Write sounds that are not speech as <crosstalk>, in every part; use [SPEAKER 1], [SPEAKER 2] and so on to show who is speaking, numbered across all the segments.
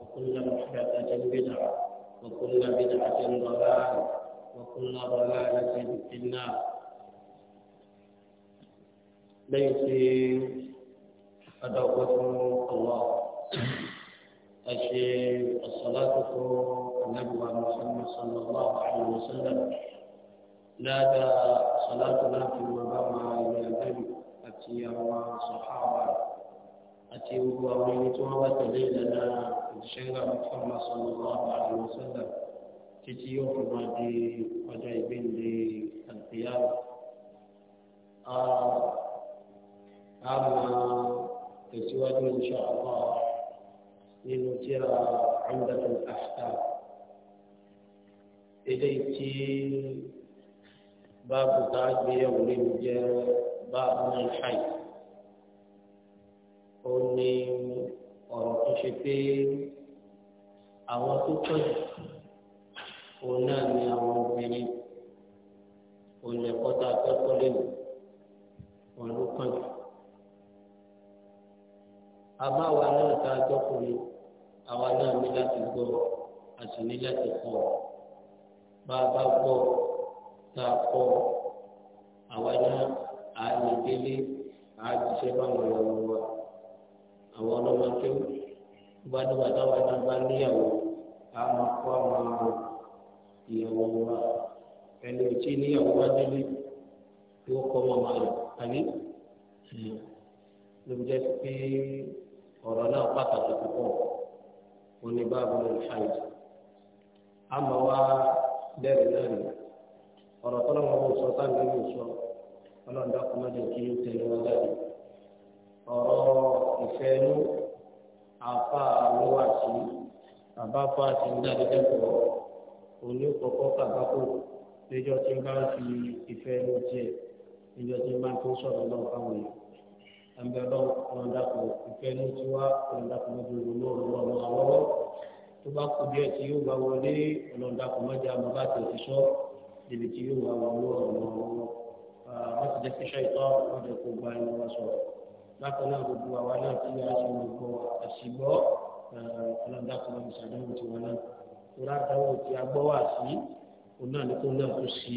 [SPEAKER 1] وكل محدثة بدعة
[SPEAKER 2] وكل بدعة ضلالة
[SPEAKER 1] وكل ضلالة في النار ليس أدعوكم الله أشي الصلاة النبوة محمد صلى الله عليه وسلم لا دا صلاة في المبارك إلى النبي أتي صحابة àti gbogbo àwọn ẹni tí wọ́n bá tẹ̀lé ìlànà ìṣẹ́ńgà fọ́ọ̀mà sallallahu alaihi wasallam títí yóò fi máa di ọjọ́ ìgbéǹde àgbéyàwó. a máa tẹ̀síwájú insha Allah nínú tírà Umdatul Ahkam eléyìí tí báàbù tá a gbé yẹ̀wò lè jẹ́ báàbù náà ṣáì. ó ní ọ̀rọ̀ tó ṣe pé àwọn tó tọ́jú òun náà ni àwọn obìnrin òun lè kọ́ta akẹ́kọ̀ọ́ lẹ́nu òun ló kàn jù. àbáwa náà ta jọ́kùnrin àwa náà ní láti gbọ́ a sì ní láti kọ́ bá a bá gbọ́ tá a kọ́ àwa náà àá lè délé àá jíṣẹ́ báwọn ọ̀rọ̀ wa àwọn ọlọ́mọ kéwù bá dọ́gba táwa náà bá níyàwó a máa kọ́ àwọn ìyàwó wa ẹni ò tí níyàwó wá délé yóò kọ́ màmá rẹ̀ àbí ló jẹ́ pé ọ̀rọ̀ náà pàtàkì púpọ̀ òní báàbò ní ṣáìd àmọ́ wá bẹ́ẹ̀ náà ni ọ̀rọ̀ tó lọ́wọ́ wọn sọ sáà nínú sọ ọlọ́run dákúmọ́jọ kí ó tẹ̀lé wọn jáde ọ̀rọ̀ ìfẹ́ inú àfa àlọ́wà sí bàbá fa ti ń dáadé lẹ́kọ̀ọ́ oníkọ̀ọ́kọ́ kàbákò lẹ́jọ́ tí ń bá fi ìfẹ́ inú tiẹ̀ lẹ́jọ́ tí ń bá tó sọ̀rọ̀ lọ́wọ́ fáwọn yìí ẹnbẹ lọ́wọ́ ọ̀nà dàpọ̀ ìfẹ́ inú tí wá ọ̀nà dàpọ̀ lójú olóòrùn lọ́wọ́ lọ́wọ́ tó bá kú díẹ̀ tí yóò bá wọlé ọ̀nà dàpọ̀ mọ́jà bàbá tẹ̀sí sọ́ níbi tí yóò bá wọlé ọ̀nà lọ́wọ́ bákan náà gbogbo àwa náà tí a ṣe nǹkan àṣìgbọ́ eh, ọlọ́dàkùnrin ìṣàdánwò tiwọn náà ìrora àdánwò tí a gbọ́ wà sí òun náà ní kó náà kó ṣe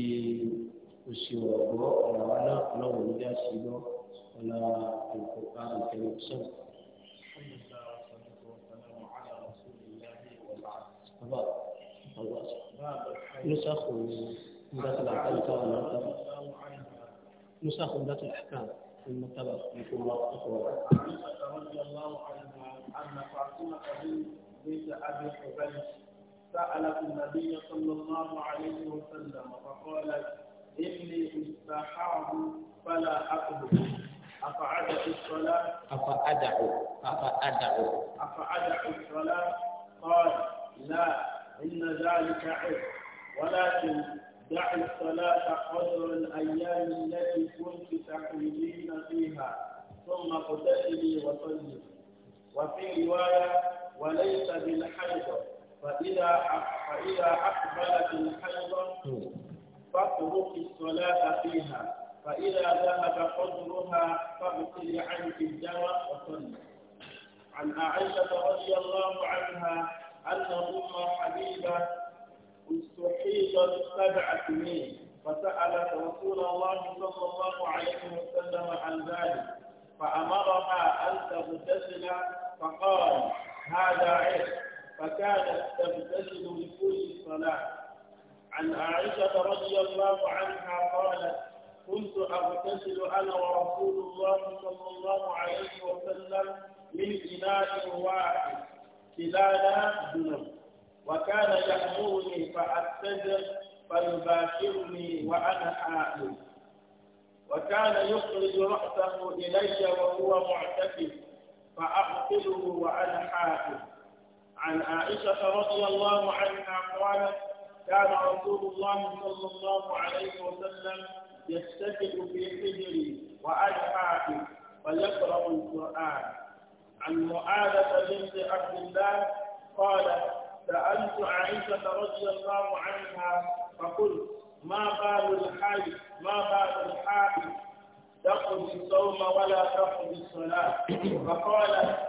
[SPEAKER 1] kó ṣe ọ̀rọ̀ gbọ́ ọ̀rọ̀ àwa náà ọlọ́wọ̀ ní bí a ṣe gbọ́ ọ̀la ìkọ̀ọ̀pá ìtẹ̀lẹ́sọ̀n. نسخ ذات الأحكام المتبع في عائشة رضي الله عنها عن فاطمة بنت أبي حبيش سألت النبي صلى الله عليه وسلم فقالت إني استحاب فلا أقبل أفأدع الصلاة أفأدع أفأدع أفأدع الصلاة قال لا إن ذلك عيب ولكن دع الصلاة قدر الأيام التي كنت تحملين فيها ثم اغتسلي وصلي وفي رواية وليس بالحيض فإذا فإذا أقبلت الحيض فاتركي الصلاة فيها فإذا ذهب قدرها فاغسلي عنك الدواء وصلي عن عائشة رضي الله عنها أن أم حبيبة استحيض سبع سنين فسألت رسول الله صلى الله عليه وسلم عن ذلك فأمرها أن تغتسل فقال هذا عشق فكانت تغتسل لكل صلاة عن عائشة رضي الله عنها قالت كنت أغتسل أنا ورسول الله صلى الله عليه وسلم من إناء واحد كلانا ذنب وكان يأمرني فأتجر فيباشرني وأنا حائل وكان يخرج رأسه إلي وهو معتكف فأقتله وأنا حائل عن عائشة رضي الله عنها قالت كان رسول الله صلى الله عليه وسلم يستجد في حجري وأنا حائل فيقرأ القرآن عن معاذة بنت عبد الله قالت سألت عائشة رضي الله عنها فقلت ما بال الحي ما بال الحائض تقضي الصوم ولا تقضي الصلاة فقالت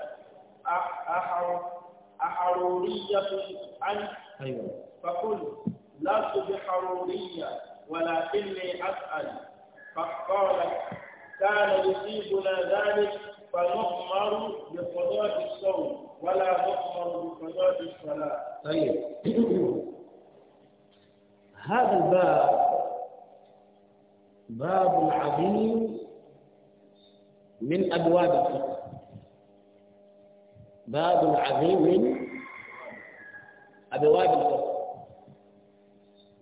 [SPEAKER 1] أحرورية أنت أيوة فقلت لست بحرورية ولكني أسأل فقالت كان يصيبنا ذلك فنؤمر بقضاء الصوم ولا يؤمر بفساد الصلاة
[SPEAKER 2] طيب هذا الباب
[SPEAKER 1] باب عظيم من أبواب الفقه باب عظيم من أبواب الفقه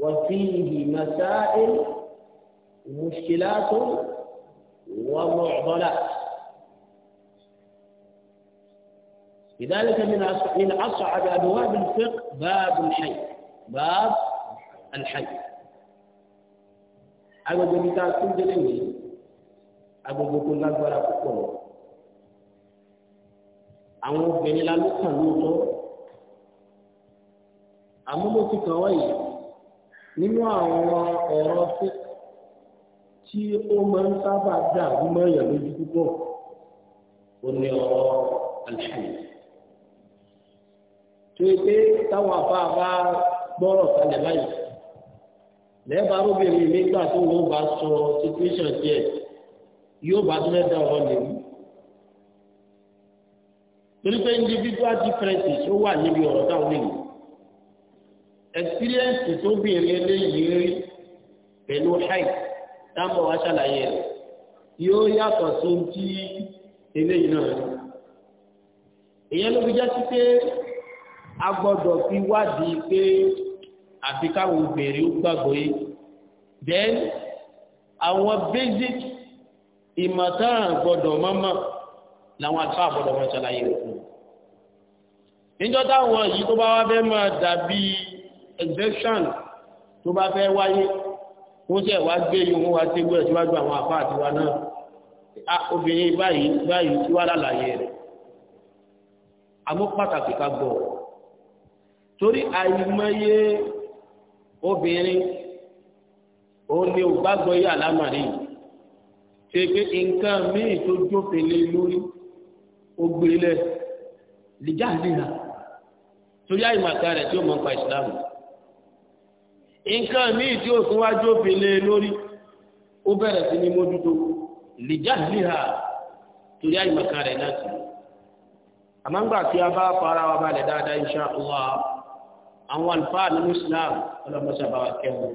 [SPEAKER 1] وفيه مسائل مشكلات ومعضلات لذلك من من أصعب أبواب الفقه باب الحي
[SPEAKER 2] باب الحي
[SPEAKER 1] àwọn ìjọba tá a tún délé ní agbègbè tó lágbára púpọ̀ àwọn obìnrin la ló kàn lóòótọ́ àmúlò ti kàn wáyé nínú àwọn ọ̀rọ̀ tí ó máa ń sábà dà mọ́ ìyàlójú púpọ̀ ó ní ọ̀rọ̀ alhaji tó yẹ pé táwọn afáfá gbọ́rọ̀ kalẹ̀ báyìí lẹ́ẹ̀bà arúgbìnrin mi gbà tó wọ́n bá sọ situation díẹ̀ yóò bá tún ẹ̀dá ọ̀rọ̀ lè mú. torí pé individual differences ó wà níbi ọ̀rọ̀ táwọn èèyàn experience tó bìnrin eléyìí rí pẹ̀lú height táwọn wá ṣàlàyé rẹ̀ yóò yàtọ̀ sí ti eléyìí náà. ìyẹn ló fi já pé a gbọ́dọ̀ fi wádìí pé àfi káwọn obìnrin ó gbàgbọ́ yìí then àwọn basic ìmọ̀tàn gbọ́dọ̀ mọ́mọ́ làwọn àtúwà gbọ́dọ̀ mọ́ ṣàlàyé rẹ̀ fún níjọ́ táwọn yìí tó bá wá fẹ́ máa dàbí exemption tó bá fẹ́ wáyé wọ́n tẹ̀ wá gbé yìí wọ́n wá tẹ́gbọ́ ẹ̀ síwájú àwọn àpá àtiwá náà a obìnrin báyìí báyìí tí wá lálàyé rẹ̀ àmọ́ pàtàkì ká gbọ́ ọ̀ torí àìmọye obìnrin òun ni ò gbàgbọ́ yé àlámàrí ṣe pé nǹkan míì tó jófele lórí ó gbé lẹ lìjà líra torí àìmọ̀ká rẹ̀ tí ó mọ̀ nípa ìsìlámù nǹkan míì tí ó tún wá jófele lórí ó bẹ̀rẹ̀ sí ní mójútó lìjà torí àìmọ̀ká rẹ̀ náà sí àmọ́ ńgbà tí a bá fara wa balẹ̀ dáadáa inṣá Allah àwọn àlùfáà nínú Islam ọlọ́mọṣẹ́ àbáwá kẹwọn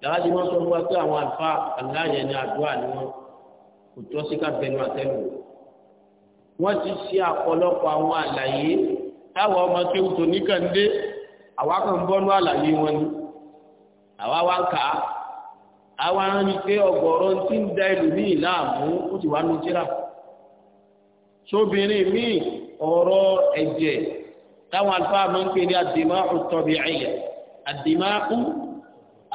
[SPEAKER 1] dáhàjì wọn sọ fún wa pé àwọn àlùfáà aláyẹ ní àdúrà ni wọn kò tọ́ sí ká bẹnu àtẹnu wọn ti ṣe àpọ̀lọpọ̀ àwọn àlàyé táwọn ọmọ kéwù tó níkàndé àwa kan bọ́nú àlàyé wọn ni àwa wá ń kà á àwa ń rí i pé ọ̀gọ̀rọ̀ ti ń da ẹlòmíì láàmú ó ti wá nu tíra sóbìnrin míì ọ̀rọ̀ ẹ̀jẹ̀ táwọn àlùfáà máa ń pè ní ad-dima'u at-tabi'iyya ad-dima'u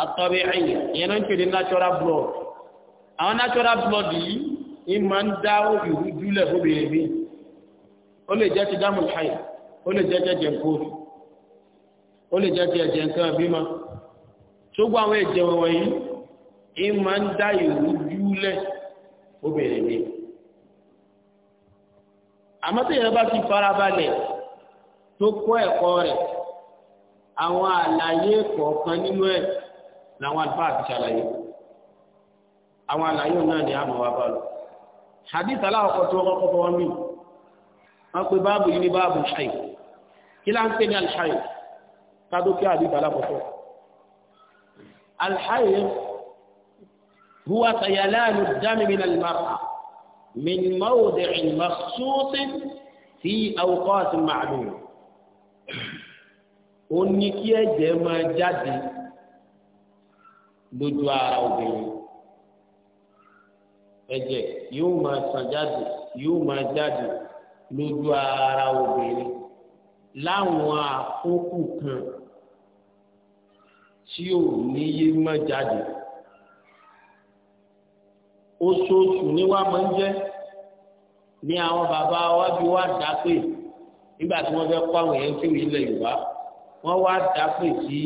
[SPEAKER 1] at-tabi'iyya ìyẹn náà ń pè ní natural blood àwọn natural blood yìí ni máa ń dá òbí júlẹ̀ obìnrin mi ó lè jẹ́ ti dámùl hayd ó lè jẹ́ jẹ́jẹ́ kóòtù ó lè jẹ́ ti ẹ̀jẹ̀ nǹkan bímọ ṣùgbọ́n àwọn ẹ̀jẹ̀ wọ̀nyí ń máa ń dá ìrújú lẹ̀ obìnrin mi àmọ́ tí ìyẹn bá ti farabalẹ̀ tó kọ́ ẹ̀kọ́ rẹ̀ àwọn àlàyé kọ̀ọ̀kan nínú ẹ̀ làwọn àlùfáà ti ṣàlàyé
[SPEAKER 2] àwọn àlàyé náà ni àmọ́ wa bá
[SPEAKER 1] lọ. hadith aláwọ̀kọ́ tí wọ́n kọ́kọ́ wọn mí wọ́n pe báàbù yìí ní báàbù ṣáì kí láń pè ní alṣáì kádókè hadith aláwọ̀kọ́. alṣáì huwa sayalanu dami min almar'a min mawdi'in makhsusin fi awqatin ma'lumah ó ní kí ẹ̀jẹ̀ máa jáde lójú ara obìnrin ẹ̀jẹ̀ yóò máa sàn jáde yóò máa jáde lójú ara obìnrin láwọn àkókò kan tí ò níye má jáde oṣooṣù ni wàá máa ń jẹ́ ní àwọn bàbá wa bí wàá dá pé nígbà tí wọ́n fẹ́ kọ́ àwọn èèyàn tí ilẹ̀ yorùbá wọ́n wá dápè sí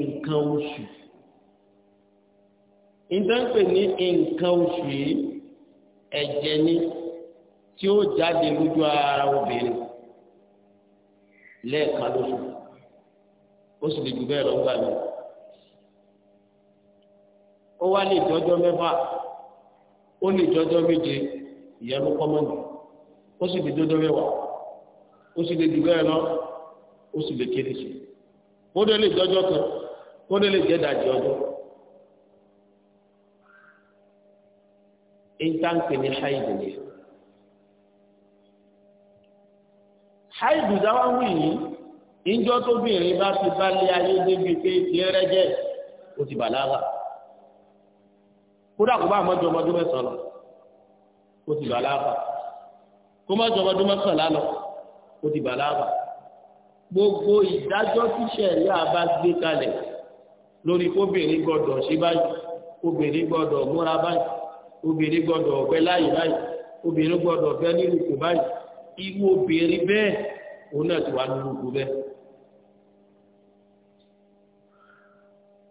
[SPEAKER 1] nǹkan oṣù ìdánpè ní nǹkan oṣù yìí ẹ̀jẹ̀ ni tí ó jáde lójú ara obìnrin lẹ́ẹ̀kan lóṣù ó sì lè jù bẹ́ẹ̀ lọ́gbà mi ó wá lè jọjọ́ mẹ́fà ó lè jọjọ́ méje ìyẹn ló kọ́ mọ́nì ó sì lè dodo mẹ́wàá ó sì lè dùgbẹ́ lọ ó sì lè kéde sí kódé lè jọjọ kan kódé lè jẹ dàjẹ ọjọ́. intanke ni haidu ni haidu dáwọ́ wù yìí ìjọ tóbìnrin bá fi balẹ̀ ayé débi pé ìrẹ́ jẹ́ ó ti bàlágà kódà kó bá àmọ́jọ ọmọdún mẹ́sàn-án lọ ti bàlágà kó má jọba ọdún mọ́kànlá lọ ó ti bàlágà gbogbo ìdájọ́ tíṣẹ̀rí àbá gbé kalẹ̀ lórí kóbìnrin gbọdọ̀ ṣe báyìí obìnrin gbọdọ̀ múra báyìí obìnrin gbọdọ̀ ọ̀fẹ́ láyé báyìí obìnrin gbọdọ̀ ọ̀fẹ́ nínú kò báyìí irú obìnrin bẹ́ẹ̀ òun náà ti wà nínú kò bẹ́ẹ̀.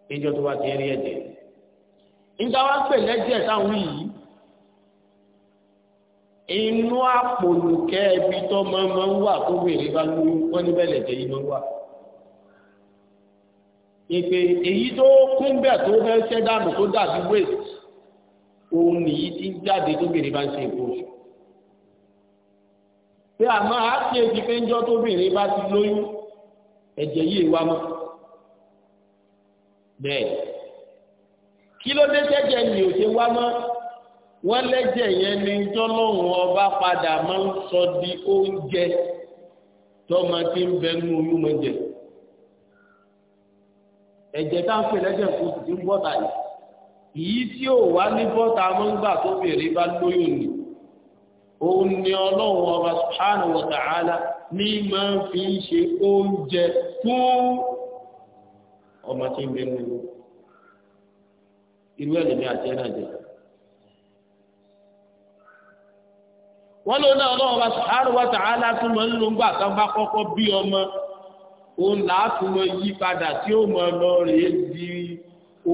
[SPEAKER 1] níjọ́ tó bá ti rí ẹ̀jẹ̀ níta wá pè lẹ́jẹ̀ táwọn yìí inú àpòlùkẹ́ ẹbí tó máa máa ń wà tó wèrè bá lóyún wọ́n níbẹ̀ lẹ̀jẹ̀ yìí máa ń wà. ìpè èyí tó kún bẹ̀ tó fẹ́ ṣẹ́ dànù tó dàbí waste òun nìyí ti ń jáde tó wèrè bá ń ṣe èkó. pé àmọ́ a ṣe èdè pé tó wèrè bá ti lóyún ẹ̀jẹ̀ yìí wá mọ́. bẹ́ẹ̀ kí ló dé sẹ́jẹ̀ ni ò ṣe wá mọ́ wọ́n lẹ́jẹ̀ yẹn ni jọ́lọ́hùn ọba padà máa ń sọ di oúnjẹ tọ́mọ tí ń bẹ nínú oyún mọ́ jẹ. ẹ̀jẹ̀ tá ń pè lẹ́jẹ̀ kò sì ti ń bọ́ta yìí yìí tí ò wá ní bọ́ta mọ́ ń tó bèrè bá lóyún ni òun ni ọlọ́run ọba subhanahu wa ta'ala ní máa fi ń ṣe oúnjẹ fún ọmọ tí ń bẹ nínú irú ẹ̀ lèmi àti ẹ̀ náà jẹ́ wọ́n ló náà ọlọ́run bá subhanahu wa ta'ala tún mọ̀ nínú gbà kan bá kọ́kọ́ bí ọmọ òun làátún mọ yí padà tí ó mọ lọ rèé di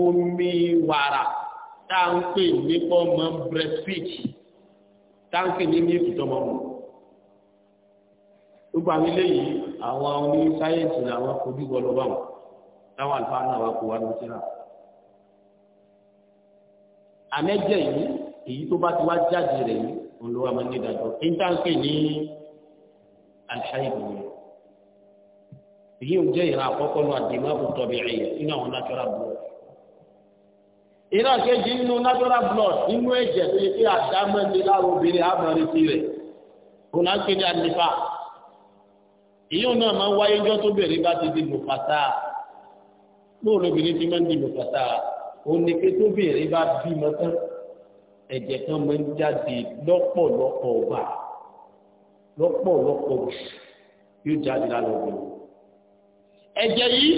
[SPEAKER 1] omi wàrà tá à ń pè ní pọ́nmọ́ breastfeed tá à ń pè ní ní ìtọ́mọ́ mọ́. gbogbo àwọn eléyìí àwọn oní sáyẹ́ǹsì làwọn fojú bọ́ lọ́wọ́ àwọn táwọn àlùfáà náà wà kó wá lóṣù náà. àmẹ́jẹ̀ yìí èyí tó bá ti wá jáde rẹ̀ yìí olùwà máa ń nídàjọ íńtánṣe ní alhaibu yẹn èyí ò jẹ́ ìran àkọ́kọ́ nu àdìmáàbù tọ̀bì ẹ̀yẹ nínú àwọn natural blood ìran kejì nínú natural blood nínú ẹ̀jẹ̀ tó yẹ kí àdámẹ́ni lára obìnrin àmọ́rìtì rẹ̀ òun á kéde àlefà èyí ò náà máa ń wáyé jọ́ tó bèrè bá ti di mùfàtà lóòrùn obìnrin ti máa ń di mùfàtà òun ni pé tó bèrè bá bímọ tán ẹ̀jẹ̀ kan máa ń jáde lọ́pọ̀lọpọ̀ ọgbà lọ́pọ̀lọpọ̀ yóò jáde lálẹ́ obìnrin. ẹ̀jẹ̀ yìí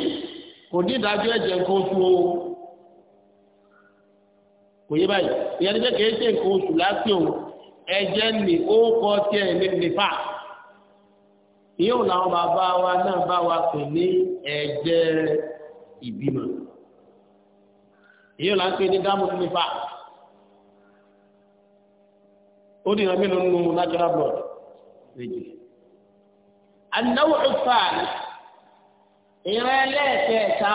[SPEAKER 1] kò ní ìdájọ́ ẹ̀jẹ̀ nǹkan oṣù o kò yé báyìí ìyẹn ní pé kì í ṣe nǹkan oṣù lásìkò ẹ̀jẹ̀ ní ó kọ́ tiẹ̀ ní nípa yóò làwọn bàbá wa náà bá wa pè ní ẹ̀jẹ̀ ìbímọ yóò là pè ní dámọ̀ nípa ó dìran mélòó nínú natural blood méjì. anáwó ìfààní ìran ẹlẹ́ẹ̀kẹta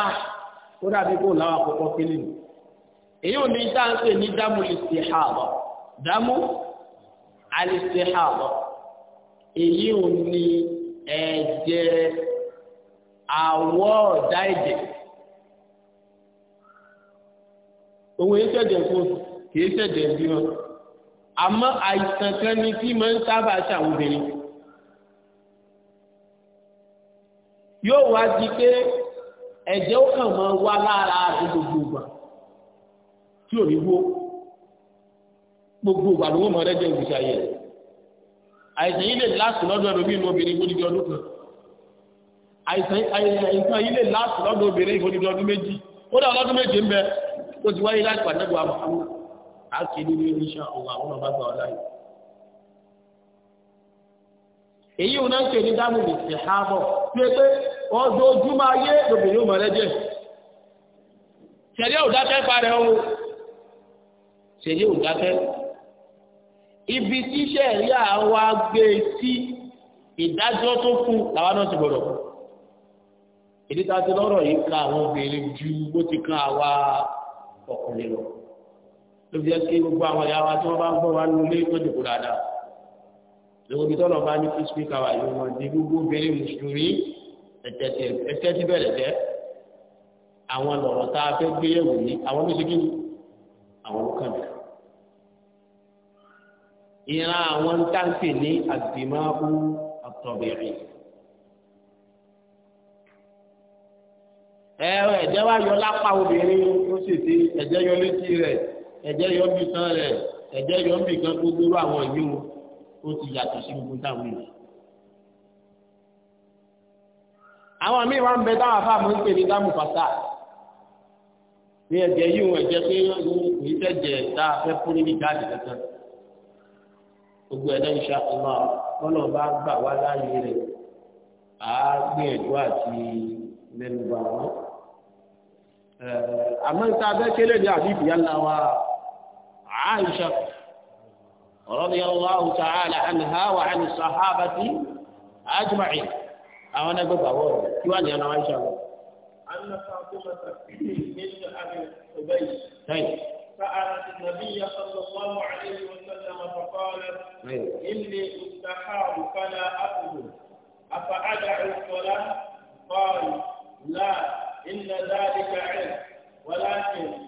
[SPEAKER 1] ó dàbí kó làwọn àkọ́kọ́ kí nínú èyí ò ní dáńpé ní dámú ìsìhàbọ dámú àlìsìhàbọ èyí ò ní ẹ̀jẹ̀ àwọ̀ ọ̀dá ẹ̀jẹ̀ òun yìí ṣẹ̀jẹ̀ fún kìí ṣẹ̀jẹ̀ bí wọn àmọ́ àìsàn kan ni tí máa ń sábà ṣàwọn obìnrin yóò wá di pé ẹ̀jẹ̀ ó kàn máa wá lára gbogbo ìgbà tí ò ní wó gbogbo ìgbà ló wọ́n mọ̀ ọ́dẹ́jọ́ ìgbésí ayé rẹ̀ àìsàn yìí lè láti lọ́dọ̀ ẹ̀rọ bí inú obìnrin gbódìdí ọdún kan àìsàn yìí lè láti lọ́dọ̀ obìnrin gbódìdí ọdún méjì ó dá ọlọ́dún méjì ń bẹ ó ti wáyé láti pàdé àgbà àwọn á kì í nílé oníṣẹ́ ọ̀wọ́ àwọn ọba gbà ọ́ láyé. èyí ò náà ń pè ní dámìlì sí ààbọ̀ tí pé ọjọ́júmọ́ ayé lóbìnrin ò mọ̀lẹ́jẹ̀ ṣẹ̀dí ò dákẹ́ o ṣẹ̀dí ò ibi tí sẹ́ẹ̀rí àwa gbé sí ìdájọ́ tó kù làwọn náà ti gbọ́dọ̀ kù ti lọ́rọ̀ yìí ka àwọn obìnrin ju bó ti kan àwa ọkùnrin lọ ló fi jẹ́ kí gbogbo àwọn ìyá wa tí wọ́n bá ń gbọ́ wa nínú ilé tó dìbò dáadáa lórí tọ́lọ̀ bá ní fífi kàwá yìí wọ́n di gbogbo obìnrin mùsùlùmí ẹ̀tẹ́ ti bẹ̀rẹ̀ jẹ́ àwọn lọ̀rọ̀ tá a fẹ́ gbé yẹ̀wò yìí àwọn ló ṣe kí ni àwọn ló kàn jù ìran àwọn ń tàǹtì ní àdìmáàbù àtọ̀bẹ̀rẹ̀ ẹ̀rọ ẹ̀jẹ̀ wá yọ lápá obìnrin ó sì ti ẹ̀jẹ̀ yọ létí rẹ̀ ẹ̀jẹ̀ yọ bí kan rẹ̀ ẹ̀jẹ̀ yọ bí kan gbogbo irú àwọn yìí o ó ti yàtọ̀ sí gbogbo táwọn yìí. àwọn míì wá ń bẹ táwọn afáàmù ń pè ní dáàmú fàtà ní ẹ̀jẹ̀ yìí wọn ẹ̀jẹ̀ pé kìí tẹ̀jẹ̀ tá a fẹ́ fún níbi gáàdì kankan gbogbo ẹ̀dá iṣẹ́ ọmọ ọlọ́ bá gbà wá láàyè rẹ̀ á gbìyànjú àti mẹ́nubà wọn. àmọ́ ìta abẹ́kẹ́lẹ́ ní àbíbí yálà wa عائشة رضي الله تعالى عنها وعن الصحابة أجمعين أو أنا قلت أقول شو أنا عائشة أن فاطمة بنت أبي أبي طيب. سألت النبي صلى الله عليه وسلم فقالت طيب. إني مستحاب فلا أقبل أفأدع الصلاة قال لا إن ذلك علم ولكن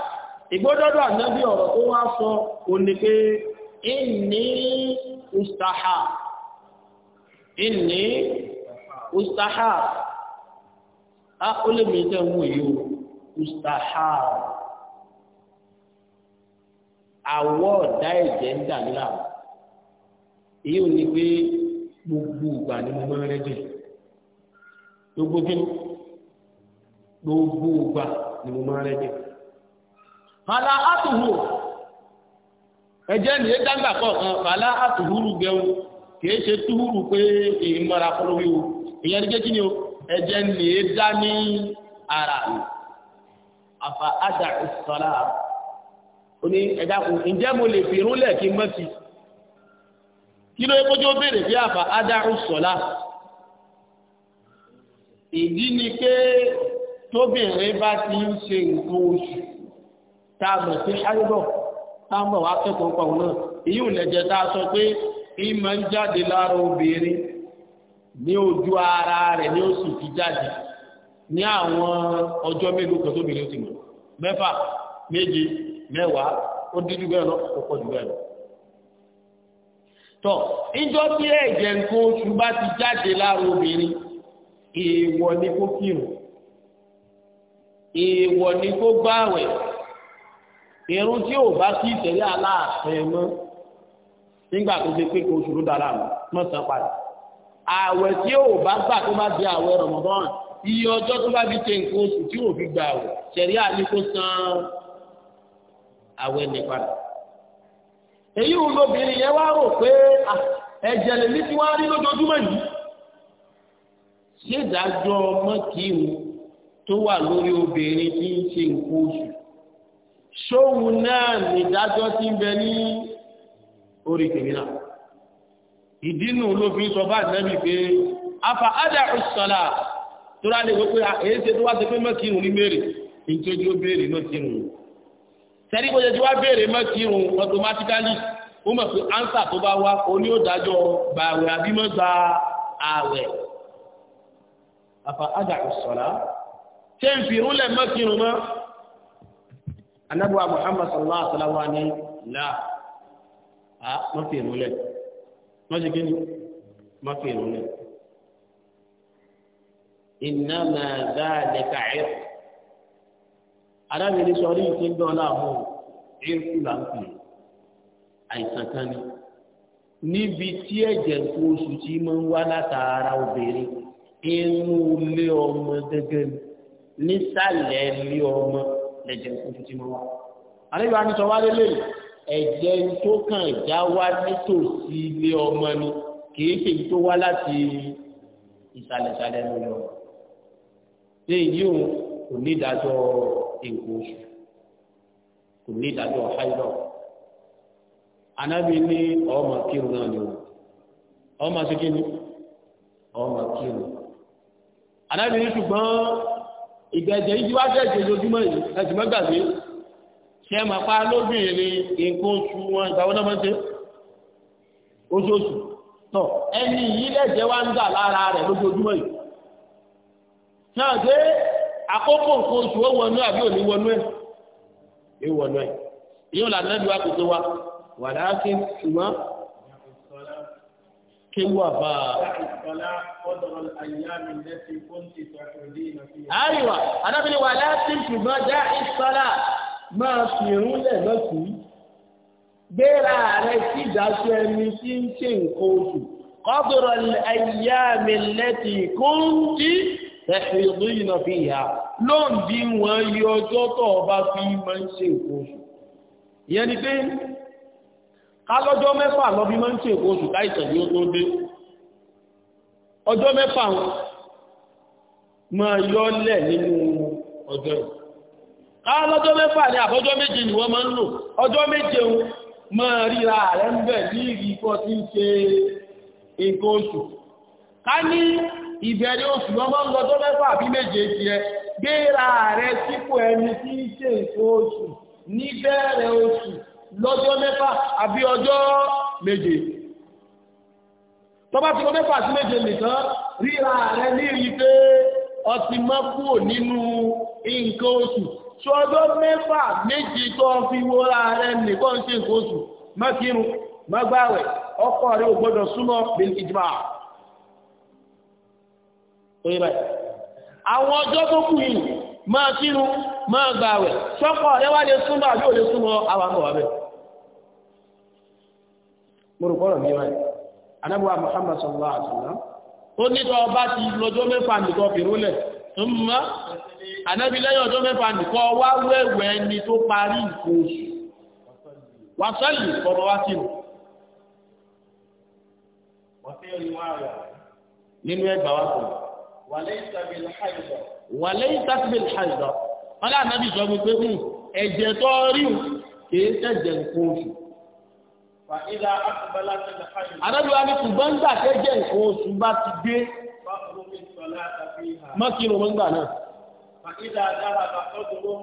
[SPEAKER 1] ìgbódọ́dọ̀ ànábì ọ̀rọ̀ tó wá sọ òní pé inni ustaha inni ustaha a ó lè mi tẹ́ mú èyí o ustaha àwọ̀ ọ̀dá ẹ̀jẹ̀ ń dà nílà èyí ò ní pé gbogbo ìgbà ni mo máa ń gbogbo gbogbo ìgbà ni mo máa ń fàlà àtùhù ẹ̀jẹ̀ nìyẹn dáńgbà kọ̀ọ̀kan fàlà àtùhùrù gẹ̀ẹ́wò kìí ṣe túhùrù pé ìmọ̀ra fọlọ́ wíwo ìyẹn ní kékeré o ẹ̀jẹ̀ nìyẹn dá ní ara àfà àdà ìsọ̀lá ó ní ẹ̀dá kù ǹjẹ́ mo lè fi irúnlẹ̀ kí n mọ́ kí ló yẹ kó tó béèrè bí àfà àdà ìsọ̀lá ìdí ni pé tóbìnrin bá ti tá a mọ̀ sí ṣáyébọ̀ tá a mọ̀ wá kẹ́kọ̀ọ́ pọ̀ náà èyí ò lẹ́jẹ̀ tá a sọ pé ìmọ̀ ń jáde lára obìnrin ní ojú ara rẹ̀ ní oṣù ti jáde ní àwọn ọjọ́ mélòó kan tóbi ló ti mọ̀ mẹ́fà méje mẹ́wàá ó dídú bẹ́ẹ̀ lọ kò jù bẹ́ẹ̀ lọ. tọ́ ìjọ tí ẹ̀jẹ̀ nǹkan oṣù bá ti jáde lára obìnrin èèwọ̀ ni kó kírun èèwọ̀ ni kó gbààwẹ̀ irun tí o bá sí ìtẹ̀lé aláàfẹ́ mọ́ nígbà tó ṣe pé kò ṣòro dára mọ́ san padà ààwẹ̀ tí ò bá gbà tó bá di ààwẹ̀ rọ̀mọ́bọ́n iye ọjọ́ tó bá fi ṣe nǹkan oṣù tí ò fi gbà ààwẹ̀ ṣẹ̀rí àní kó san ààwẹ̀ ní padà èyí ò lóbìnrin yẹn wá rò pé ẹ̀jẹ̀ lèmi ti wá rí lójoojúmọ́ yìí ṣé ìdájọ́ mọ́kì tó wà lórí obìnrin tí ń ṣe nǹkan oṣù ṣóhun náà nìdájọ́ tí ń bẹ ní orí tèmi náà ìdínú ló fi sọ bá nẹ́bí pé afa ada ọ̀sọ̀là tó rà lè wípé ah, èyí ṣe tó wá ṣe pé mọ́kìrùn ní béèrè ìjọjú ó béèrè náà ti rùn sẹ́ni kò yẹ kí wá béèrè mọ́kìrùn automatically ó mọ̀ pé ánsà tó bá wá o ní ó dájọ́ gba àbí mọ́ gba àwẹ̀ afa ada ọ̀sọ̀là ṣé ń fi rúlẹ̀ mọ́kìrùn mọ́ anábùwà Muhammad sallallahu alaihi wasallam ní là á má fi ìrún lẹ̀ má ṣe kí ni má fi ìrún lẹ̀ innama dhalika irq arábìnrin sọrí yìí ti ń dán láàmú irkú là ń pè àìsàn kan ni níbi tí ẹ̀jẹ̀ nǹkan oṣù tí máa ń wá látara obìnrin inú ilé ọmọ gẹ́gẹ́ nísàlẹ̀ ẹ̀jẹ̀ òkú ti mọ́ wa. àlejò àmìsọ wa lélẹ̀ ẹ̀jẹ̀ tó kàn já wá nítòsí ilé ọmọ ni kìí ṣe tó wá láti ìsàlẹ̀sàlẹ̀ lórí ọmọ. ṣé èyí ò kò ní ìdájọ́ èkó oṣù kò ní ìdájọ́ haidọ̀. anábì ní ọmọ kírun náà ni o ọmọ sí kí ni ọmọ kírun. anábì ní ṣùgbọ́n ìgbẹ̀jẹ̀ yìí wá jẹ́jẹ̀ lójúmọ́ yìí ẹ̀sìn mọ́gbàgbé ṣe é máa pa lóbìnrin nǹkan oṣù wọn ìgbàwọ́n náà máa ń ṣe oṣooṣù tọ̀ ẹni yìí lẹ́jẹ̀ wá ń gbà lára rẹ̀ lójoojúmọ́ yìí náà dé àkókò nǹkan oṣù ó wọnú àbí òní wọnú ẹ̀ èé ẹ̀ ìyóò làdínlẹ́bí wa kò tó wa wàdà sí ṣùgbọ́n kéwà bá a. àríwá adábìlẹ̀ wà láti ṣùgbọ́n dá ìsọ́lá máa fi irun lẹ̀ lọ́sùn. gbéra rẹ̀ sí ìdásọ́ ẹni tí ń ṣe nǹkan oṣù kọ́bùrọ̀ ẹ̀yà mi lẹ́tì kúńtì ẹ̀fẹ̀rẹ̀dọ́ ìnà fi ìhà lóǹdí wọn yọ tó ọba fi máa ń ṣe nǹkan oṣù. ìyẹn ni pé alọ́jọ́ mẹ́fà lọ bí máa ń tèkó oṣù táìsàn ní ó tó ọjọ́ mẹ́fà máa yọ́lẹ̀ nínú ọjọ́ yìí alọ́jọ́ mẹ́fà ni àbọ́jọ́ méje ni wọ́n máa ń lò ọjọ́ méje máa ríra rẹ̀ ń bẹ̀ ní ìrìkọ́ tí ń ṣe nǹkan oṣù ká ní ìbẹ̀rẹ̀ oṣù wọ́n máa ń lọ́jọ́ mẹ́fà bí méje ti ẹ gbéra rẹ̀ sípò ẹni tí ń ṣe nǹkan oṣù níbẹ̀rẹ̀ oṣù lọ́jọ́ mẹ́fà àbí ọjọ́ méje tọ́bá ti lọ mẹ́fà sí méje nìkan ríra rẹ ní rí pé ọtí mọ́ kúrò nínú nǹkan oṣù tí ọjọ́ mẹ́fà méje tó fi wọ́ra rẹ nìkan ṣe nǹkan oṣù má kírun má gbààwẹ̀ ọkọ rẹ ò gbọ́dọ̀ súnmọ́ bíi ìjìmá àwọn ọjọ́ tó kù yìí máa kírun máa gbààwẹ̀ sọ́kọ̀ rẹ wá lè súnmọ́ àbí ò lè súnmọ́ àwọn àmọ́ bẹ́ẹ̀ mọ̀rùkọ́rọ̀ bí wáyé anábùwà Muhammad sallallahu alaihi wasallam ó ní tó ọba ti lọ́jọ́ mẹ́fà nìkan fìrúlẹ̀ mọ́ anábì lẹ́yìn ọjọ́ mẹ́fà nìkan wá wẹ̀wẹ̀ ẹni tó parí nǹkan oṣù wàsálì kọ̀rọ̀ wá sí nínú ẹgbàá wá kọ̀ wàlẹ́ ìtàkìbìl hajjọ́ wọn lé anábì sọ pé hmm, ẹ̀jẹ̀ Àdájọ́ wa ní ṣùgbọ́n ń gbà kẹ́jẹ́ nǹkan oṣù bá ti dé. Mọ́kìlò mọ́ ń gbà náà.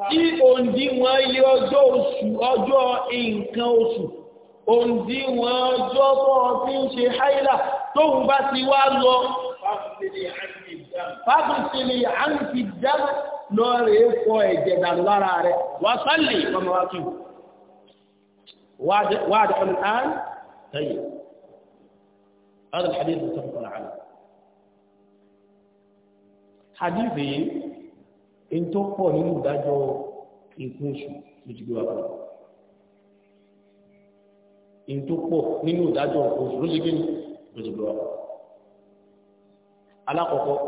[SPEAKER 1] Tí òǹdí wọn ilé ọjọ́ oṣù ọjọ́ nǹkan oṣù, òǹdí wọn ọjọ́ tó ti ń ṣe háìlà tóun bá ti wá lọ.
[SPEAKER 2] Fábùsìlì àǹtì dáná
[SPEAKER 1] lọ rèé fọ ẹ̀jẹ̀ dànù lára rẹ̀. Wàá sálè ọmọ wa kìí. واضح الآن طيب هذا الحديث متفق عليه حديثي ان توقع من داجو ìkúnṣù lójúgbé wa kan in tó pọ̀ nínú ìdájọ́ òkúnṣù lójúgbé ní lójúgbé wa kan alákọ̀ọ́kọ́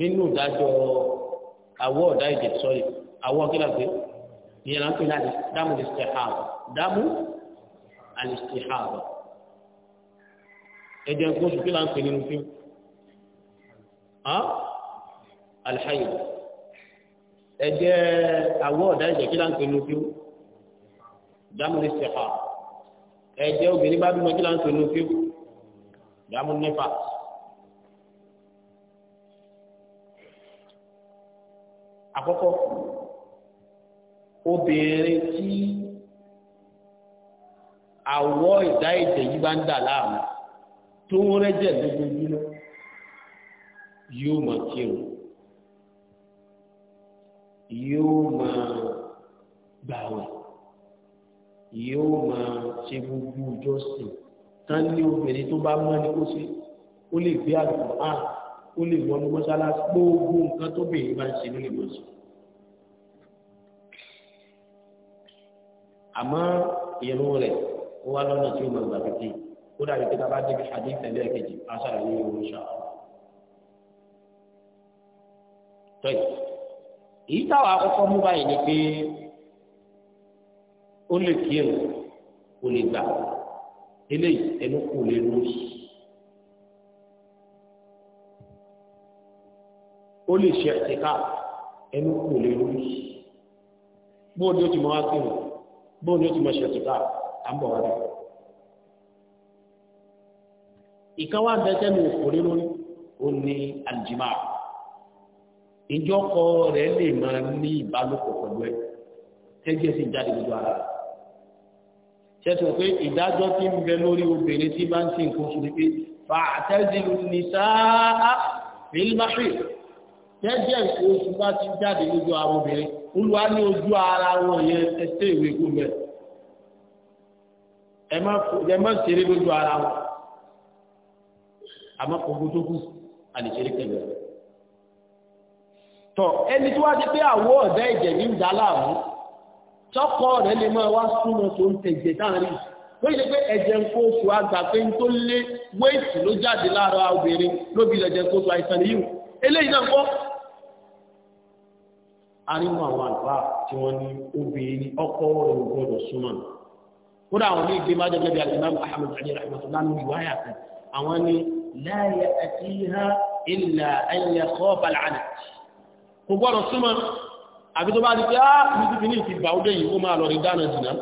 [SPEAKER 1] nínú ìdájọ́ àwọ̀ ọ̀dá ìdè sọ́yì àwọ̀ kílàgbé ìyẹn là ń pè láti dámù al-istihada dámù al-istihada ẹ̀jẹ̀ nǹkan oṣù kí là ń pè nínú fíìmù al-hayd ẹ̀jẹ̀ àwọ̀ ọ̀dá ẹ̀jẹ̀ kí là ń pè nínú fíìmù dámù al-istihada ẹ̀jẹ̀ obìnrin bá bímọ kí là ń pè nínú fíìmù dámù nípa. àkọ́kọ́ obìnrin tí àwọ̀ ìdá ẹ̀jẹ̀ yìí bá ń dà láàmú tó ń rẹ́jẹ̀ lójoojúmọ́ yóò mọ̀ kírun yóò mọ̀ gbàwẹ̀ yóò máa ṣe gbogbo ìjọsìn tán ní obìnrin tó bá mọ́ ni kó ṣe ó lè gbé àgbọ̀n á ó lè wọnú mọ́ṣáláṣí gbogbo nǹkan tó bèèrè bá ń ṣe nílé ìwòsàn. àmọ́ irun rẹ̀ ó wá lọ́nà tí ó mọ̀ gbà pété ó dàbí pé bàbá débi hadith tẹ̀lé kejì aṣọ àlẹ́ yìí ń ṣá. tọ́yì èyí táwọn akọ́kọ́ mú báyìí ni pé ó lè kírun ó lè gbà eléyìí ẹnu kò lè lórí. ó lè ṣe ẹ̀sìn ká ẹnu kò lè lórí. bóòdù ó ti mọ wá kírun bóun ni ó ti mọ ṣe ìtìká à ń bọ̀ wá bẹ̀. ìkan wá bẹ sẹ́nu òfòrí lórí ó ní àjìmá ìjọkọ rẹ̀ lè máa ní ìbálòpọ̀ pẹ̀lú ẹ̀ tẹ́jẹ́ sì jáde gbogbo ara rẹ̀ ṣẹ́tù pé ìdájọ́ tí ń bẹ lórí obìnrin tí bá ń sin nǹkan oṣù ni pé fa àtẹ́zìlú nìsáà fílmáṣì jẹ́jẹ́ oṣù bá ti jáde lójú àwọn obìnrin olúwa ní ojú ara wọn yẹn ẹsẹ̀ ìwé kú bẹ̀ ẹ má ṣeré lójú ara wọn àmọ́ kòkó tó kù àlìṣeré kẹlẹ̀ tọ ẹni tó wá ti pé àwọ̀ ọ̀dẹ́ ẹ̀jẹ̀ ní ìdáláàmú tọkọ rẹ̀ lè máa wá súnmọ́ tó ń tẹ̀jẹ̀ dáhàrin lóyìn lè pé ẹ̀jẹ̀ ń kó oṣù àgbà pé ń tó lé wéètì ló jáde lára obìnrin lóbi lẹ̀jẹ̀ kó oṣù àìsàn yìí eléyìí náà kọ́ arínú àwọn àlùfáà tí wọ́n ní obìnrin ní ọkọ rẹ̀ ò gbọdọ̀ súnmọ́ kódà àwọn ní ìgbé májọ gẹ́gẹ́ bí alimami ahmed ali rahmatulah ní ìwà yàtọ àwọn ní láyé àti ha ilà ẹyẹ kọfà lànà kò gbọdọ̀ súnmọ́ àbí tó bá di pé á ah, ní ti fi ní ìfìgbà ó yìí ó máa lọ rí dáná jìnnà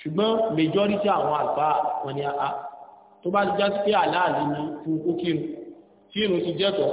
[SPEAKER 1] ṣùgbọ́n majority àwọn àlùfáà wọn ni a ah, ah. tó bá di jásí pé àlàálì ní fún kókìrù tí ìrùn ti jẹ́tọ̀ọ́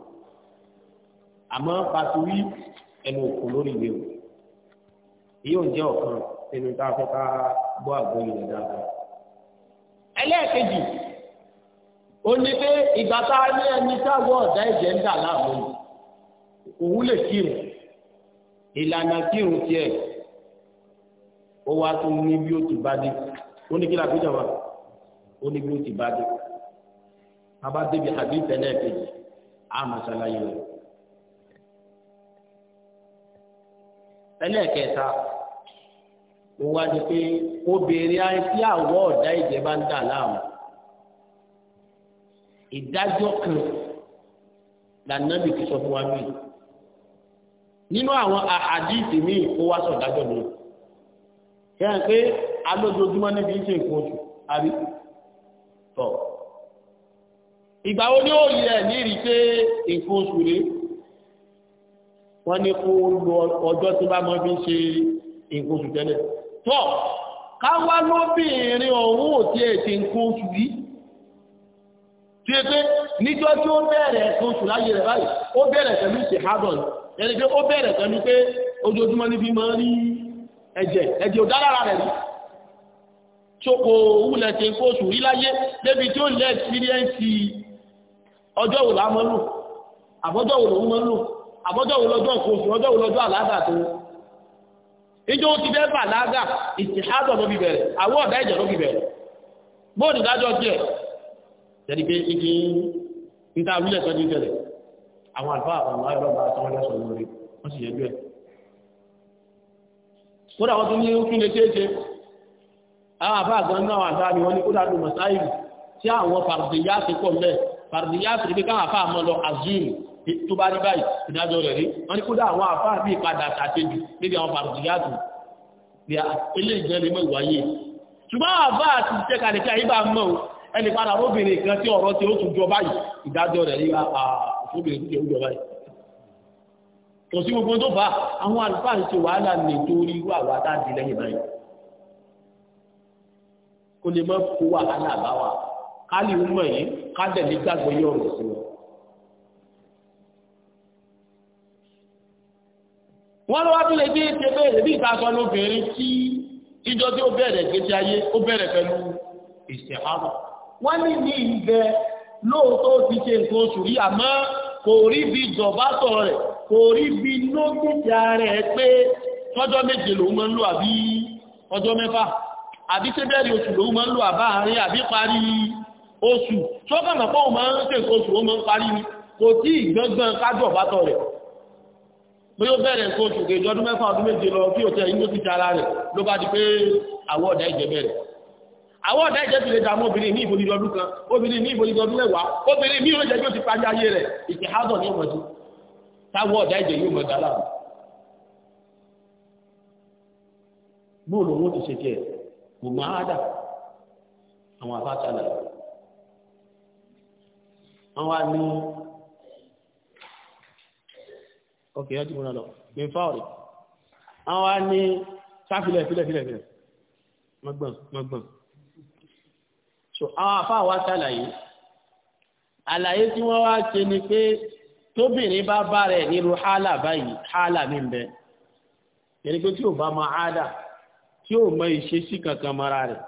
[SPEAKER 1] àmọ́ pàṣírí ẹnu òkun lórí ìwé o èyí ò jẹ́ ọ̀kan nínú tá a fẹ́ ká gbọ́ àgbọ̀ ilẹ̀ dáadáa. ẹlẹ́ẹ̀kejì ó ní pé ìgbà tá a ní ẹni táwọn ọ̀dá ẹ̀jẹ̀ ń dà láàmú òun lè kírun ìlànà kírun tiẹ̀ ó wá tún ní bí ó ti bá dé ó ní kí la gbéjà wá ó ní bí ó ti bá dé a bá débi àbí ìtẹ̀lẹ́ á máa ṣàlàyé rẹ̀. ẹlẹ́ẹ̀kẹta ó wá di pé ó béèrè àìsí àwọ̀ ọ̀dá ìjẹ́ bá ń dà láàmú ìdájọ́ kan lànàbì ti sọ fún wa mí nínú àwọn àhàdíìsì míì ó wá sọ ìdájọ́ mi ṣe hàn pé alójoojúmọ́ níbi ń ṣe nǹkan oṣù àbí tọ̀ ìgbà wo ni ó yẹ ní rí pé nǹkan oṣù rèé wọ́n ní kó lo ọjọ́ tí bá mọ́ fi ṣe nǹkan oṣù tẹ́lẹ̀ tọ́ káwá lóbìnrin ọ̀hún ò tí ẹ̀ ṣe nǹkan oṣù yìí tí é pé níjọ́ tí ó bẹ̀rẹ̀ ẹ̀kan oṣù láyé rẹ̀ báyìí ó bẹ̀rẹ̀ pẹ̀lú ṣe hardon ẹni pé ó bẹ̀rẹ̀ pẹ̀lú pé ojoojúmọ́ níbi mọ́ rí ẹ̀jẹ̀ ẹ̀jẹ̀ ò dára rẹ̀ rí ṣoko wúlẹ̀ ṣe nǹkan oṣù rí láyé débi tí ó lẹ́ experience ọjọ́ wò lámọ́ lò àbọ́jọ́ wò lòún mọ́ lò àbọ́jọ́ wo lọ́jọ́ oṣù ọjọ́ wo lọ́jọ́ àlágà tó ìjọ ti fẹ́ bàlágà ìtìhádọ̀ ló fi bẹ̀rẹ̀ àwọn ọ̀dá ìjọ ló fi bẹ̀rẹ̀ bóòdù dájọ́ tiẹ̀ tẹ̀lé pé igi níta wílẹ̀ sọ ní ìtẹ̀lẹ̀ àwọn àlùfáà àwọn ayọ̀lọ́ba àtàwọn ẹlẹ́sọ̀ lórí wọ́n sì yẹ bẹ́ẹ̀ kódà wọ́n tún ní ó tún lè ṣeé ṣe àwọn àbá àgbọn náà àgbà ni wọ́n ní kódà lù mọ̀sáìlì tí àwọn fàrdìyà ti pọ̀ mẹ́ fàrdìyà ti rí pé káwọn àfáà mọ́ lọ azúrù tó bá rí báyìí ìdájọ́ rẹ̀ rí wọ́n ní kódà àwọn àfáà bí ìpadà àtàtẹ́jù níbi àwọn fàrùdìyàtò ní ilé ìjẹ́ lè mọ́ ìwáyé ṣùgbọ́n àbá àti ìṣẹ́ kàríkà yìí bá mọ́ ẹni padà obìnrin kan tí ọ̀rọ̀ tí ó tún jọ báyìí ìdájọ́ rẹ̀ rí àfọ́bìnrin tí ó jọ báyìí kò sí gbogbo tó fà àwọn àlùfáà ń ṣe wàhálà nítorí irú àwọn àtàdé lẹ́yìn báyìí kó lè mọ́ kó wàhálà bá wa ká lè mọ̀ yìí ká dẹ̀ lè gbàgbọ́ yọ̀rọ̀ sí wọn wọ́n lọ́wọ́ tó lè gbé ṣe bẹ́ẹ̀ bí ìta sọ lóbìnrin tí ìjọ tí ó bẹ̀rẹ̀ gbèsè ayé ó bẹ̀rẹ̀ pẹ̀lú ìṣẹ̀hábà wọ́n ní ní ìbẹ lóòótọ́ ti ṣe nǹkan oṣù rí àmọ́ kò rí bí jọ̀bátọ̀ rẹ̀ kò rí bí lókìtì rẹ̀ pé tọ́jọ́ méje lòun máa ń lò àbí ọjọ́ mẹ́fà àbí sẹ́bẹ̀rẹ̀ oṣù lòun máa ń lò àbá àárín àbí parí oṣù tó kàmọ̀ pọ́ùn máa ń ṣe nǹkan oṣù ó máa ń parí pé ó bẹ̀rẹ̀ nǹkan oṣù kejì ọdún mẹ́fà ọdún méje lọ kí òtẹ́ inú ti jara rẹ̀ ló bá di pé àwọ̀ ọ̀dà ẹ̀jẹ̀ bẹ̀rẹ̀ àwọ̀ ọ̀dà ẹ̀jẹ̀ fìlẹ̀ dààmú obìnrin ní ìbòlì ọdún kan obìnrin ní ìbòlì ọdún mẹ́wàá obìnrin ní ìrọ̀jẹ̀ yóò ti parí ayé rẹ̀ ìpè hádọ̀ ní ọmọdé táwọ̀ ọ̀dà ẹ̀jẹ̀ yóò mọ̀ dára bóò lòun ó ti ṣe tiẹ̀ kò máa dà àwọn àbá ọkẹ̀ yọjú múra lọ ní fáwọ̀rì àwọn wá ní sáfilẹ̀ sílẹ̀sílẹ̀ mọ́gbọ̀n so àwọn àfáà wá sàlàyé àlàyé tí wọ́n wá ṣe ni pé tóbìnrin bá bá rẹ̀ nírú hálà báyìí hálà mi ń bẹ yẹni pé tí ò bá ma ádà tí ò mọ ìṣesí kankan mara rẹ̀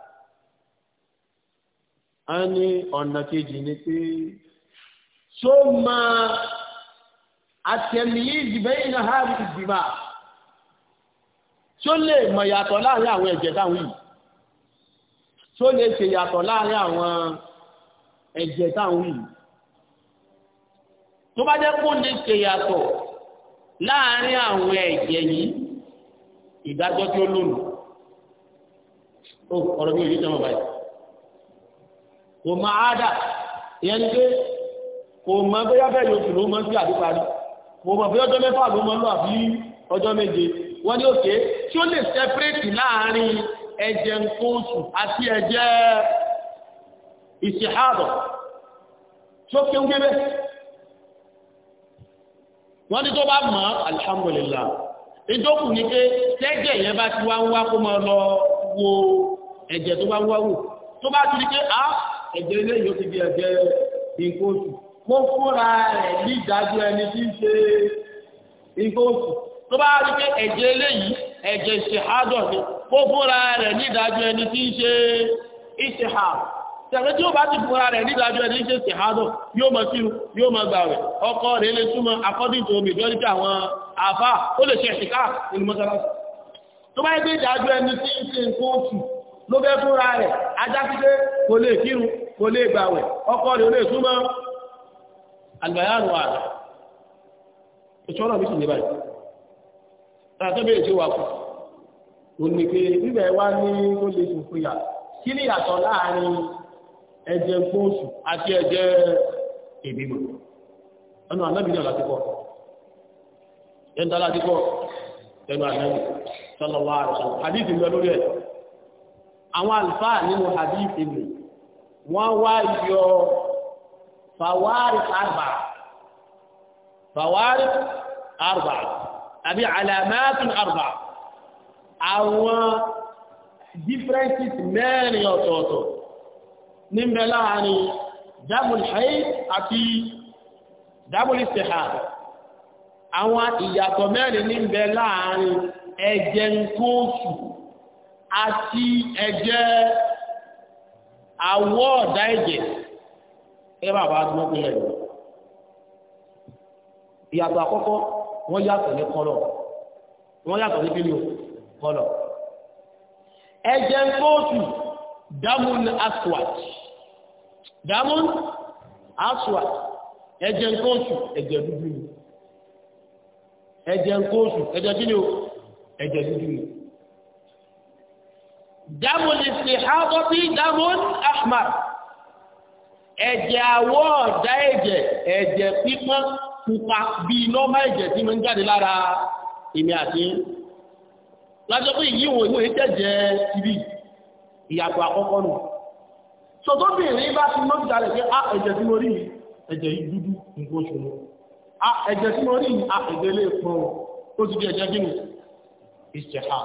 [SPEAKER 1] a ní ọ̀nà kejì ni pé tó máa àtẹ̀míyí bẹ́yìn hàrí ìgbìmà tí ó lè mọ̀ yàtọ̀ láàrin àwọn ẹ̀jẹ̀ táwọn yìí tí ó lè ṣe yàtọ̀ láàrin àwọn ẹ̀jẹ̀ táwọn yìí tó bá jẹ́ kó lè ṣe yàtọ̀ láàrin àwọn ẹ̀jẹ̀ yìí ìdájọ́ tí ó lónìí ó ọ̀rọ̀ mi ò yí jọmọ̀ báyìí kò máa dà ìyẹn ni pé kò mọ bóyá bẹ́ẹ̀ yóò fi ló mọ́ sí àdúgbò mo mọ̀ bí ọjọ́ mẹ́fà ló mọ́ lọ àbí ọjọ́ méje wọ́n ní òkè tí ó lè sẹ́pẹ́rẹ́tì láàárín ẹ̀jẹ̀ nǹkan oṣù àti ẹ̀jẹ̀ ìṣèhádọ̀ tí ó kéwú débẹ̀ wọ́n ní tó bá mọ̀ alihamudulilayi ìjókòó ni pé tẹ́jẹ̀ yẹn bá ti wá ń wá kó máa lọ wo ẹ̀jẹ̀ tó bá ń wá wò tó bá ti rí pé á ah, ẹ̀jẹ̀ ilé yóò ti di ẹ̀jẹ̀ nǹkan mo fúnra rẹ̀ ní ìdájọ́ ẹni tí ń ṣe nǹkan oṣù tó bá rí pé ẹ̀jẹ̀ eléyìí ẹ̀jẹ̀ ìṣèhádọ̀ ni mo fúnra rẹ̀ ní ìdájọ́ ẹni tí ń ṣe ìṣèhà tẹ̀lé tí ó bá ti fúnra rẹ̀ nídájọ́ ẹni ṣe ṣèhádọ̀ yóò mọ sínú yóò mọ gbà rẹ̀ ọkọ rẹ̀ lè túmọ̀ according to majority àwọn àfà ó lè ṣe ẹ̀ṣìká nínú mọ́sálásí. tó bá gbé ìdájọ́ ẹni tí ń ṣe albayanu wa ìṣọ́nà mi sì ní báyìí tàbí wà fún onípe nígbà wá ní ó lè fún kí ni ìyàtọ̀ láàrin ẹ̀jẹ̀ gbóòsù àti ẹ̀jẹ̀ ìbímọ ọ̀nà anábìnrin àlàtíkọ̀ ẹ̀ńtà alátíkọ̀ ẹ̀nu ànábì sọlọ́wọ́ فوارق أربعة فوارق أربعة أبي علامات أربعة أو differences mẹ́rin ọ̀tọ̀ọ̀tọ̀ níbẹ̀ láàrin dábùl haid àti dábùl istihada àwọn ìyàtọ̀ mẹ́rin níbẹ̀ láàrin ẹ̀jẹ̀ nǹkan oṣù àti ẹ̀jẹ̀ àwọ̀ ọ̀dá ẹ̀jẹ̀ ẹ bá bá dúró pé ẹ̀rọ ìyàtọ̀ àkọ́kọ́ wọ́n yàtọ̀ ní kọ́lọ̀ wọ́n yàtọ̀ ní kíni o kọ́lọ̀ ẹ̀jẹ̀ ń kóòtù damun aswat damun aswat ẹ̀jẹ̀ ń kóòtù ẹ̀jẹ̀ dúdú ni ẹ̀jẹ̀ ń kóòtù ẹ̀jẹ̀ kíni o dúdú ni damun istihadati damun ahmar. ẹ̀jẹ̀ àwọ̀ ọ̀dá ẹ̀jẹ̀ ẹ̀jẹ̀ pípọ́n pupa bí nọ́mà ẹ̀jẹ̀ tí mo ń jáde lára èmi àti lájọ́ pé ìyí òun ìwé jẹ́jẹ́ ibi ìyàtọ̀ àkọ́kọ́ nù bá ti mọ́ rẹ̀ pé a ah, ẹ̀jẹ̀ tí mo rí ẹ̀jẹ̀ yìí dúdú nǹkan oṣù ah, ẹ̀jẹ̀ tí mo rí ah, ẹ̀jẹ̀ lè ti di ẹ̀jẹ̀ bá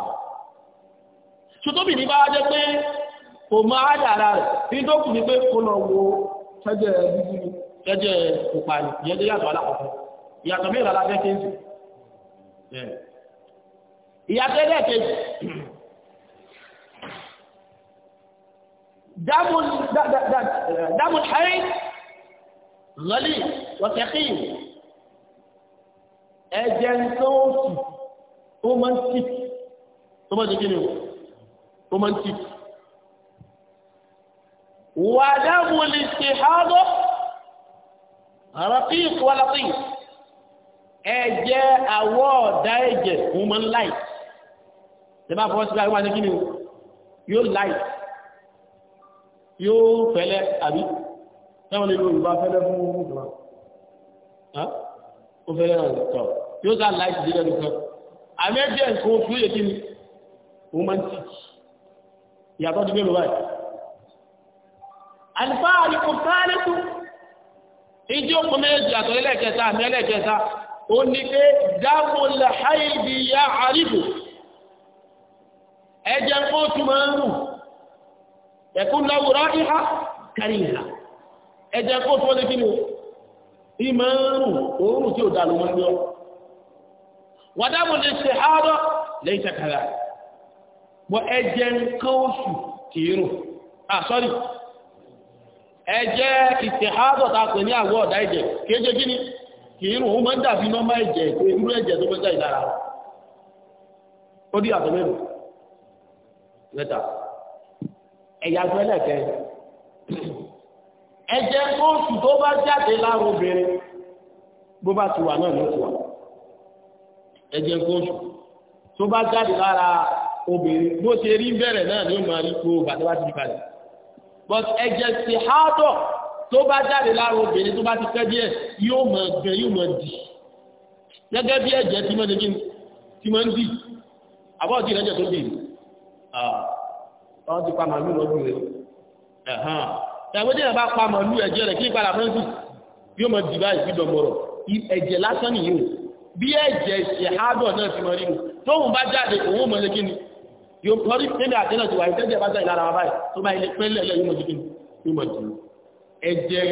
[SPEAKER 1] sẹ́jẹ̀ dúdú ni sẹ́jẹ̀ pupa ni ìyẹn tó yàtọ̀ alákọ̀ọ́kọ́ ìyàtọ̀ mẹ́rin alábẹ́ kéjì ìyàtọ̀ ẹ̀dẹ́ kéjì dámù ṣẹ́rí lọ́lì wọ́tẹ̀kì ẹ̀jẹ̀ tó ó máa ń tì tó máa ń tì kí ni ó máa ń tì وعدم الاستحاضة رقيق ولطيف ẹ̀jẹ̀ àwọ̀ ọ̀dá ẹ̀jẹ̀ human life tí bá fọwọ́ sílá wà ní kí ni o yóò light yóò fẹ́lẹ́ àbí táwọn ilé olùbá fẹ́lẹ́ fún ìjọba ó fẹ́lẹ́ ọ̀tọ̀ yóò sá light dídẹ́ nìkan àmẹ́jẹ̀ nǹkan oṣù yẹ kí ni human teach ìyàtọ̀ ti gbé lọ báyìí àlùfáà àlùkò sáálẹ́kù ìjì òkú méjì àtọ̀ ẹlẹ́kẹta àmì ẹlẹ́kẹta ó ní pé dáàbò làháìdì yá àríbò ẹ̀jẹ̀ ńkó tún máa ń rù ẹ̀kún láwùrá ìhà kárí ìhà ẹ̀jẹ̀ ńkó tún ní kíni ìmọ̀ ń rù òórùn tí ò dà ló ẹ̀jẹ̀ ìtìhádọ̀ ta pè ní àwọ̀ ọ̀dá ẹ̀jẹ̀ kéje gíní kì í rùn ó máa ń dàbí nọ́mà ẹ̀jẹ̀ pé irú ẹ̀jẹ̀ tó mẹ́ta ìlara ó dí àtọ̀ mẹ́rin lẹ́ta ẹ̀yà tó ẹlẹ́kẹ́ ẹ̀jẹ̀ oṣù tó bá jáde lára obìnrin bó bá ti wà náà ló ti wà but ẹ̀jẹ̀ sì hádọ̀ tó bá jáde lára obìnrin tó bá ti pẹ́ díẹ̀ yóò mọ̀ gbẹ yóò mọ̀ dì gẹ́gẹ́ bí ẹ̀jẹ̀ tí mọ́ni kíni tí mọ́ ń dì àbọ̀dì ìrẹ́jẹ̀ tó dì ọ́n ti pa màálù lọ́dún rẹ̀ ẹ̀hán ìyàwó tí ìyàbá pa màálù ẹ̀jẹ̀ rẹ̀ kí ìpadà mọ́ sí yóò mọ̀ dì báyìí fi dọ̀mọ̀rọ̀ ẹ̀jẹ̀ lásán nìyí bí ẹ̀jẹ̀ sì hádọ̀ náà ti mọ̀ rí tóun bá jáde òun mọ̀ lé yóò lọ́rí níbi àjẹ́nà ti wà ní tẹ́jẹ́ bá jẹ́ ìlara wa báyìí tó bá ilé pẹ́lẹ̀ lẹ́yìn mọ̀ jíkí ní mọ̀ jù ẹ jẹ́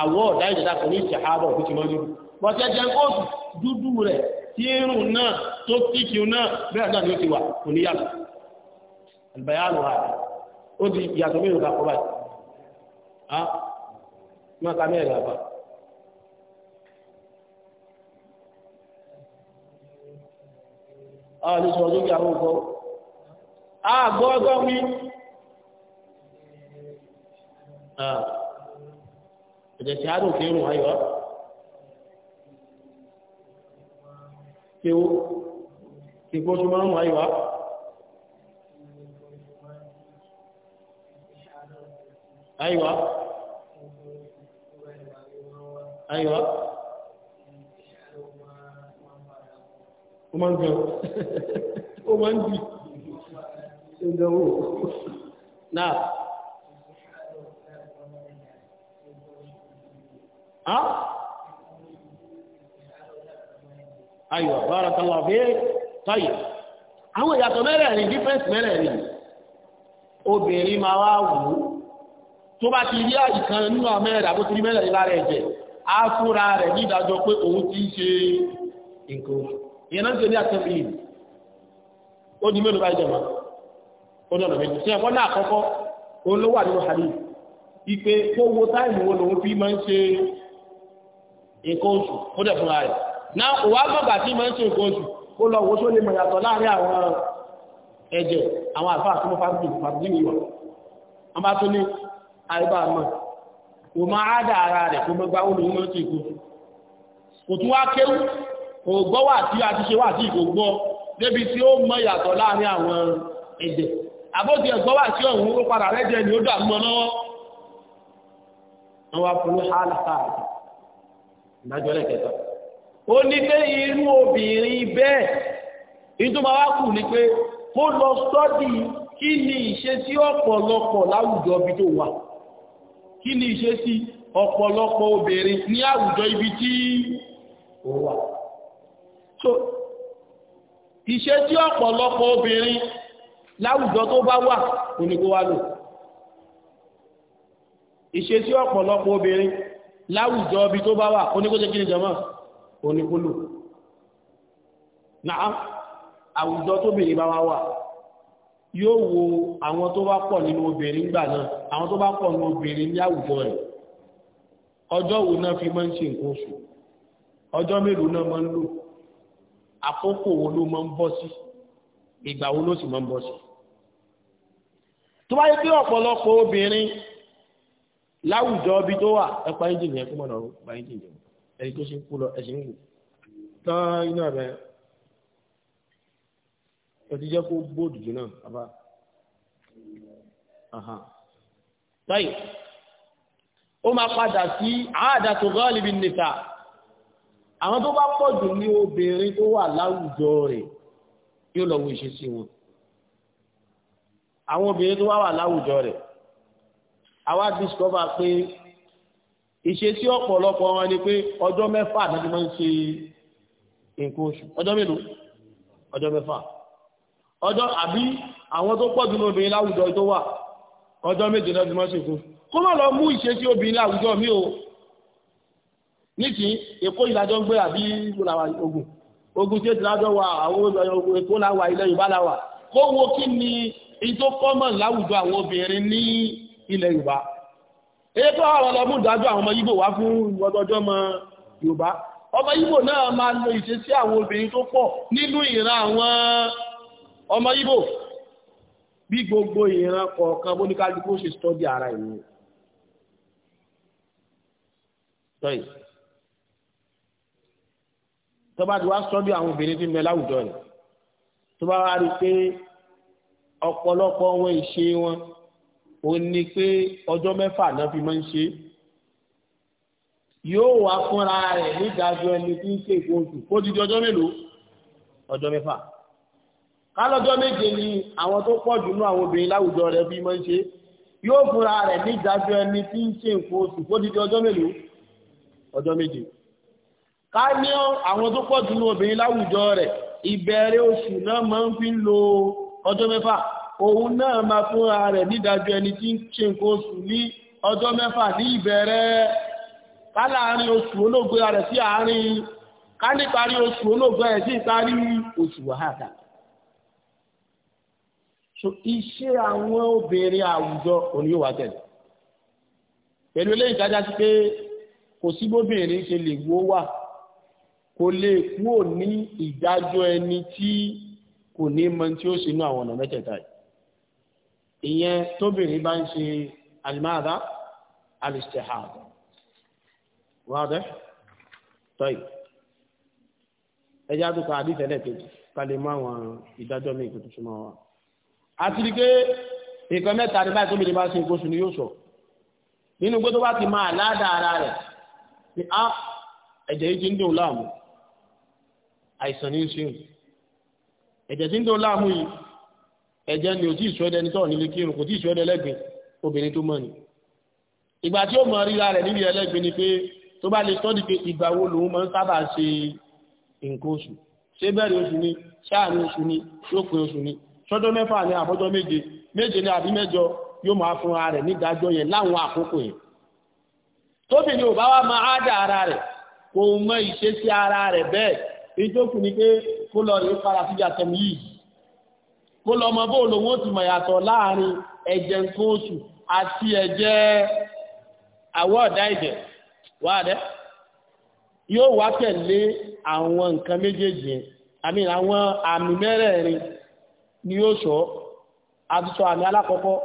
[SPEAKER 1] àwọ̀ ọ̀dá ìjẹta kò ní ìṣẹ̀ ààbọ̀ òkú ti mọ́ ní bọ́tẹ́ jẹ́ kóòtù dúdú rẹ̀ tí irun náà tó tíkì náà bẹ́ẹ̀ náà ni ó ti wà kò ní yàtọ̀ ìbáyàlù wa ó di ìyàtọ̀ mí ìrùkà kọ́ báyìí á máa ka àgbọ́ ọgbọ́ wí ẹ̀jẹ̀ tí a dùn kí rùn ayọ́ kí ó kí gbóṣù máa ń mọ̀ ayọ́ ayọ́ ayọ́ ó máa ń gbẹ̀rọ <laughs> ó máa ń gbìyànjú tó dánwò náà. ayọ̀ bára tọ́lọ̀ bí tọ́yẹ̀ àwọn ìyàtọ̀ mẹ́rẹ̀ẹ̀rin difference mẹ́rẹ̀ẹ̀rin obìnrin máa wá wù ú tó bá ti rí ìkan nínú àmẹ́rẹ̀ àbótí mẹ́rẹ̀ẹ̀rin lára ẹ̀jẹ̀ á fúnra rẹ̀ ní ìdájọ́ pé òun ti ń ṣe nǹkan ìyẹn náà ń ṣe ní àtẹ̀lẹ́yìn ó di mélòó bá ìjọba ó lọ́nà méjì ṣé ẹ̀kọ́ náà àkọ́kọ́ òun ipe kó wo táìmù wo lòun fi máa ń ṣe nǹkan oṣù ó dẹ̀ fúnra rẹ̀ náà òwá gbọ̀gbà tí máa ń ṣe nǹkan oṣù ó lọ wo tó lè mọ̀ yàtọ̀ láàrin àwọn ẹ̀jẹ̀ àwọn àlùfáà tó mọ́ fásitì fásitì nìyọ̀ wọ́n bá tún ní àìbá mọ̀ kò máa dà ara rẹ̀ kó gbogbo àwọn olùwọ́n máa ń ṣe nǹkan oṣù kò tún wá kéwú kò gbọ́ wà tí a ti ṣe wà tí ìkò gbọ́ débi tí ó mọ̀ láàrin àwọn ẹ̀jẹ̀ àbódi ẹ̀gbọ́n wà sí ọ̀hún ó padà rẹ́jẹ ni ó dà mọ́ lọ́wọ́ wọn wá fún hálàfà ìdájọ́ lẹ́kẹta ó ní pé irú obìnrin bẹ́ẹ̀ ìtumọ̀ wá kù ni pé kó lọ sọ́dì kí ni ìṣesí ọ̀pọ̀lọpọ̀ láwùjọ ibi tó wà kí ni ìṣesí ọ̀pọ̀lọpọ̀ obìnrin ní àwùjọ ibi tí ó wà ìṣesí ọ̀pọ̀lọpọ̀ obìnrin láwùjọ tó bá wà kò ní kó wá lò ìṣesí ọ̀pọ̀lọpọ̀ obìnrin láwùjọ ibi tó bá wà kò ní kó ṣe kí ni jọmọ́ kò ní kó lò náà àwùjọ tóbìnrin bá wá wà yóò wo àwọn tó bá pọ̀ nínú obìnrin gbà náà àwọn tó bá pọ̀ nínú obìnrin ní àwùjọ rẹ̀ ọjọ́ wo náà fi máa ń ṣe nǹkan oṣù ọjọ́ mélòó náà máa ń lò àkókò wo ló máa ń bọ́ sí ìgbà wo ló sì máa ń bọ̀ sí. tó bá yẹ pé ọ̀pọ̀lọpọ̀ obìnrin láwùjọ bí tó wà ẹ̀pá ẹ́ńjìnì ẹ̀kú mọ̀nà ọ̀pá ẹ́ńjìnì ẹni tó ṣe ń kú lọ ẹ̀sìn wù tán iná rẹ̀ ẹ ti jẹ́ kó bóòdù jù náà bàbá. báyìí ó máa padà sí àádá tó gọ́ọ̀lì bí nìta àwọn tó bá pọ̀ jù ní obìnrin tó wà láwùjọ rẹ̀ yóò lọ wo ìṣesí wọn àwọn obìnrin tó wá wà láwùjọ rẹ̀ àwa discover pé ìṣesí ọ̀pọ̀lọpọ̀ wọn ni pé ọjọ́ mẹ́fà náà ti máa ń ṣe nǹkan oṣù ọjọ́ mélòó ọjọ́ mẹ́fà ọjọ́ àbí àwọn tó pọ̀ jù ní obìnrin láwùjọ tó wà ọjọ́ méje náà ti máa ń ṣe fún kó má lọ mú ìṣesí obìnrin láwùjọ mi o nísìnyí èkó ìlàjọ ń gbé àbí ìgbòlàwà ogun ogun tí o ti lájọ́ wa àwọn ogun èkó láwà ilẹ̀ Yorùbá láwà kó wo kí ni èyí tó kọ́mọ̀ láwùjọ àwọn obìnrin ní ilẹ̀ Yorùbá èyí tó àwọn ọlọ́mú ìdájọ́ àwọn ọmọ Yíbò wá fún ọjọ́jọ́ ọmọ Yorùbá ọmọ Yíbò náà máa lo ìṣesí àwọn obìnrin tó pọ̀ nínú ìran àwọn ọmọ Yíbò bí gbogbo ìran kọ̀ọ̀kan bóníkálukú ṣe stọ́dí ara ìlú tó bá ti wá sọ́dọ̀ àwọn obìnrin tí ń bẹ láwùjọ rẹ̀ tó bá wá rí i pé ọ̀pọ̀lọpọ̀ wọn ìṣe wọn ò ní pé ọjọ́ mẹ́fà náà fi máa ń ṣe yóò wá fúnra rẹ̀ nídàájọ́ ẹni tí ń ṣe ìgbóhùn kó dídí ọjọ́ mélòó ọjọ́ mẹ́fà kálọ́jọ́ méje ni àwọn tó pọ̀ jù nú àwọn obìnrin láwùjọ rẹ̀ fi máa ń ṣe yóò fúnra rẹ̀ nídàájọ́ ẹni tí ń ṣe nǹkan oṣù kó mélòó ọjọ́ méje ká ní àwọn tó pọ̀ jù obìnrin láwùjọ rẹ̀ ìbẹ̀rẹ̀ oṣù náà máa ń fi lo ọjọ́ mẹ́fà òun náà máa fúnra rẹ̀ nídàájọ́ ẹni tí ń ṣe nǹkan oṣù ní ọjọ́ mẹ́fà ní ìbẹ̀rẹ̀ ká láàárín oṣù olóògbé rẹ̀ sí àárín ká níparí oṣù olóògbé rẹ̀ sí ìparí oṣù wàhálà so iṣẹ́ àwọn obìnrin àwùjọ òní yóò wá tẹ̀lé pẹ̀lú eléyìí kájá sí pé kò sí ṣe lè wó wà kò lè kúrò ní ìdájọ́ ẹni tí kò ní mọ tí ó sínú àwọn ọ̀nà mẹ́tẹ̀ẹ̀ta yìí ìyẹn tóbìnrin bá ń ṣe alimáàdá alistihada wáàdẹ́ tọ́yì ẹjá tó ka kejì ká lè àwọn ìdájọ́ mi ìkòtò súnmọ́ wa
[SPEAKER 2] àti rí pé nǹkan mẹ́ta ni báyìí tóbìnrin bá ṣe
[SPEAKER 1] nǹkan oṣù ni yóò sọ nínú gbé bá ti máa ládàá ara rẹ̀ ni á ah, ẹ̀jẹ̀ yìí ti ń dùn láàmú àìsàn ní ṣe ẹ̀jẹ̀ tí ń tó láàmú yìí ẹ̀jẹ̀ ni ò tí ìṣọ́dẹ ní tọ́ọ̀ nílé kírun kò tí ìṣọ́dẹ lẹ́gbẹ̀ẹ́ obìnrin tó mọ̀ ni ìgbà tí ó mọ ríra rẹ̀ nílé ẹlẹ́gbẹ̀ẹ́ ni pé tó bá lè sọ́dí pé ìgbà wo lòun máa ń sábà ṣe nǹkan oṣù ṣé bẹ̀rẹ̀ oṣù ni ṣáàrin oṣù ni ṣópin oṣù ni ṣọ́jọ́ mẹ́fà ni àbọ́jọ́ méje méje ni àbí mẹ́jọ yóò máa fún ara rẹ̀ nígbàjọ́ yẹn láwọn àkókò yẹn tóbi ni ò bá wá máa ájà ara rẹ̀ kò mọ ìṣesí ara rẹ̀ bẹ́ẹ̀ ìjókù ni pé kó lọ rí para sí yàtọ̀ yìí kó lọ mọ bó lòun ó ti mọ̀ yàtọ̀ láàrin ẹ̀jẹ̀ nǹkan oṣù
[SPEAKER 2] àti ẹ̀jẹ̀
[SPEAKER 1] àwọ̀ ọ̀dá ìdẹ̀ wà dẹ́ yóò wá tẹ̀lé àwọn nǹkan méjèèjì yẹn àmì àwọn àmì mẹ́rẹ̀ẹ̀rin ni yóò sọ àti sọ àmì alákọ̀ọ́kọ́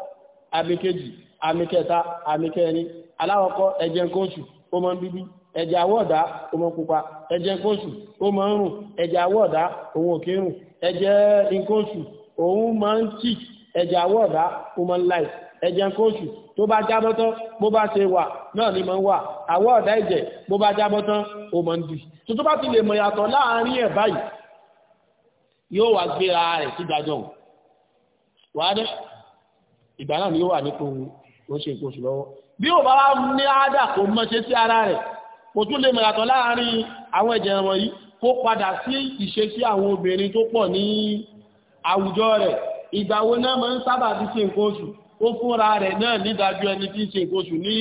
[SPEAKER 1] àmì kejì àmì kẹta àmì kẹrin alákọ̀ọ́kọ́ ẹ̀jẹ̀ nǹkan oṣù ó mọ́ bíbí ẹ̀jẹ̀ àwọ̀dá ọmọ pupa ẹ̀jẹ̀ kóṣù ó máa ń rùn ẹ̀jẹ̀ àwọ̀dá òun òkè rùn ẹ̀jẹ̀ nkóṣù òun máa ń tì ẹ̀jẹ̀ àwọ̀dá human life ẹ̀jẹ̀ kóṣù tó bá jábọ́tán bó bá ṣe wà náà ni máa ń wà àwọ̀dá ẹ̀jẹ̀ bó bá jábọ́tán ó máa ń dì tuntun bá ti lè mọ̀ yàtọ̀ láàárín ẹ̀ báyìí yóò wá gbéra rẹ̀ sí dájọ́ wàá dẹ́ ìgbà náà ni yóò wà kò lè mọ̀yàtọ̀ láàrin àwọn ẹ̀jẹ̀ wọ̀nyí kó padà sí ìṣesí àwọn obìnrin tó pọ̀ ní àwùjọ rẹ̀ ìgbà náà máa ń sábà ti ṣe nǹkan oṣù ó fúnra rẹ̀ náà nídájú ẹni tí ń ṣe nǹkan oṣù ní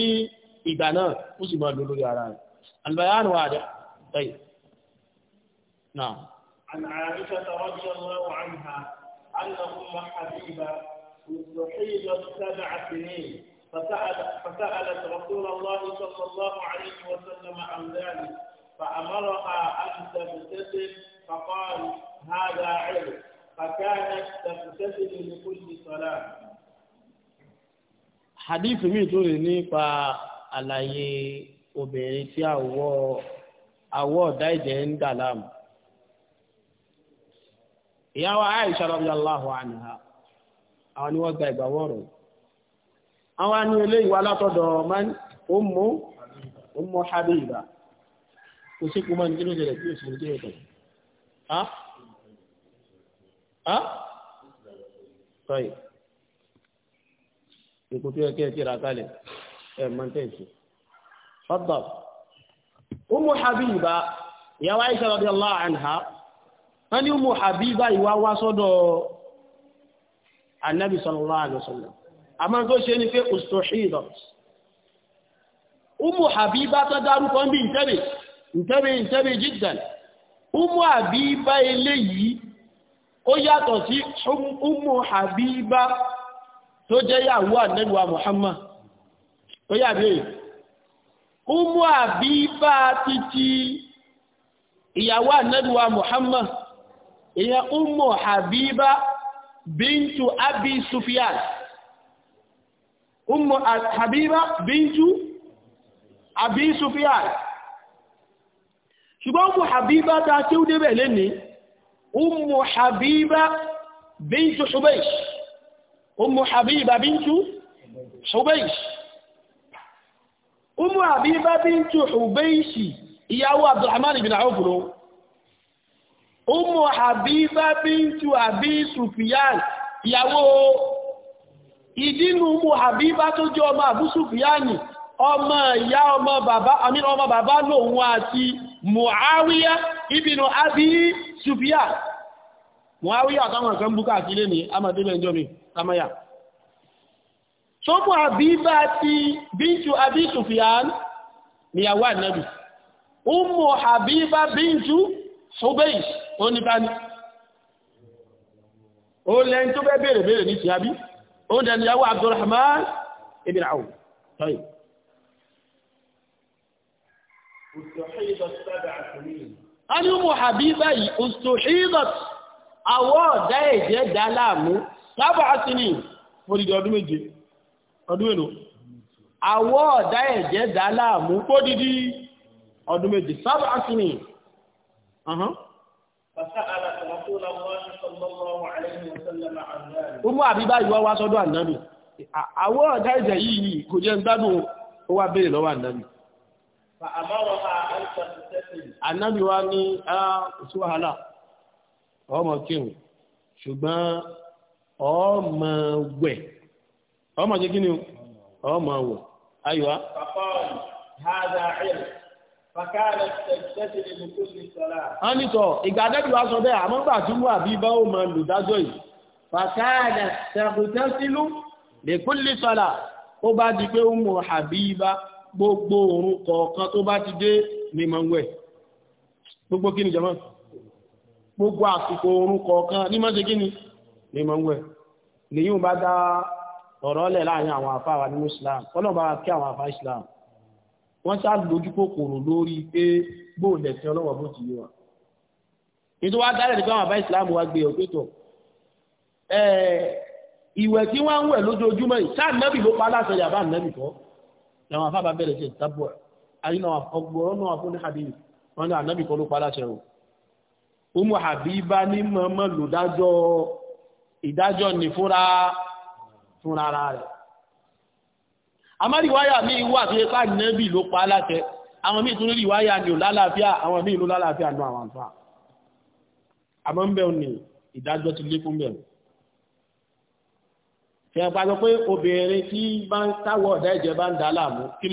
[SPEAKER 1] ìgbà náà ó sì máa lórí ara rẹ̀ albayanu عن عائشة رضي الله عنها أن أم حبيبة استحيضت سبع سنين فسأل فسألت رسول الله صلى الله عليه وسلم عن ذلك فأمرها أن تغتسل فقال هذا علم فكانت تغتسل لكل صلاة حديث mi tó lè nípa àlàyé obìnrin tí àwọ̀ àwọ̀ ọ̀dá ìjẹ́ ń dà láàmú. ìyá wa Aisha radiyallahu anha àwọn ni wọ́n gba ìgbàwọ̀ ọ̀rọ̀ yìí àwọn ní ilé ìwà látọ̀dọ̀ ọmọ ọmọ Habiba kò sí kú máa ní kíló jẹ́rẹ̀ tí ó sì ní jẹ́ ìtọ̀ sọ́yì ikú tí ó kí ẹ kíra kalẹ̀ ẹ mọ́ntẹ́ǹsì fọ́bọ̀ ọmọ Habiba ìyàwó Aisha radiyallahu anha annabi sallallahu alaihi wasallam àmọ́ tó ṣe ní pé ustohidat umu habiba tó dárúkọ bí ìtẹ́bẹ̀ ìtẹ́bẹ̀ ìtẹ́bẹ̀ jiddan umu habiba eléyìí ó yàtọ̀ sí umu habiba tó jẹ́ yàwó ànẹ́lúwà muhammad ó yàbẹ̀ umu habiba títí ìyàwó ànẹ́lúwà muhammad ìyẹn umu habiba bintu abi sufyan Ummu Habiba bíntú Abi Sufyan ṣùgbọ́n Ummu Habiba ta tí ó débẹ̀ lẹ́ni Ummu Habiba bíntú Hubaysh Ummu Habiba bíntú Hubaysh Ummu Habiba bíntú Hubaysh ìyàwó Abdulrahman ibn Auf Ummu Habiba bíntú Abi Sufyan ìyàwó ìdínú mú àbíbá tó jẹ́ ọmọ àbúsùfìyàní ọmọ ìyá ọmọ bàbá àmì ọmọ bàbá lòun àti Muawiya ibn Abi Sufyan Muawiya àtàwọn ọ̀kan búkà àti ilé ní amadébẹ̀ ìjọ mi tamaya tó mú àbíbá ti bíntù Abi Sufyan Habiba bíntù Hubaysh oníbani ó lẹ́yìn tó bẹ́ bèèrè ó dẹ̀ níyàwó Abdulrahman ibn Awf tọ́yì. a ní mú Habiba yìí ustuhidat àwọ̀ ọ̀dá ẹ̀jẹ̀ dá láàmú sábà sí ni fòdìdì ọdún méje ọdún èlò àwọ̀ ọ̀dá ẹ̀jẹ̀ dá láàmú fòdìdì Umu àbíbá ìwọ́ wá sọ́dọ̀ ànábì. Àwọ́ ọ̀dá ìjẹ̀ yìí kò jẹ́ ìgbádùn ó wá béèrè lọ́wọ́ ànábì. Ànábì wá ní ṣúwàhálà, ọmọ kíhùn, ṣùgbọ́n ọmọ wẹ̀. Ọmọ jẹ́ ọmọ wọ́n ní sọ ìgbà dẹ́bí wá sọ bẹ́ẹ̀ àmọ́ gbà tí wà bí bá ó máa lò dájọ́ yìí fàkáàdà tẹ̀kùtẹ́sílú lè kú lè sọ́là ó bá di pé Ummu Habiba gbogbo òun kọ̀ọ̀kan tó bá ti dé ní mọ̀wẹ̀ gbogbo kí ni jọmọ́ gbogbo àsìkò òun kọ̀ọ̀kan ní mọ́ kí ni ní mọ̀wẹ̀ lèyìn bá dá ọ̀rọ̀ lẹ̀ láàrin àwọn àfáà wa ní Islam ọlọ́ba kí àwọn àfáà Islam wọ́n ṣá lójú kòkòrò lórí pé bóòlù ẹ̀sìn ọlọ́wọ́ bó ti yé wa ètò wa dálẹ̀ nípa àwọn àbá ìsìláàmù wa gbé ọ̀pẹ́ tọ̀ ìwẹ̀ tí wọ́n ń wẹ̀ lójoojúmọ́ yìí sáà nẹ́bì ló pa aláṣẹ yàbá nẹ́bì kọ́ làwọn afábà bẹ̀rẹ̀ sí ìtàbọ̀ àyínà ọgbọ̀rọ̀ náà fún ní àdéhùn wọn ní ànẹ́bì kọ́ ló pa aláṣẹ o Umu Habiba ní mọ́mọ́ lòdájọ́ ìdájọ́ ní fúnra fúnra rẹ̀ àmọ́ rìwáyà mi wà tó yẹ ká nẹ́bì ló pa láṣẹ àwọn míì tún rìwáyà ni ò lálàáfíà àwọn míì ló lálàáfíà nù àwọn àǹfà àmọ́ ń bẹ̀rù ni ìdájọ́ ti lé fún bẹ̀rù tẹ̀yàpá sọ pé obìnrin tí bá ń táwọ̀ ọ̀dá ìjẹ bá ń dà láàmú kí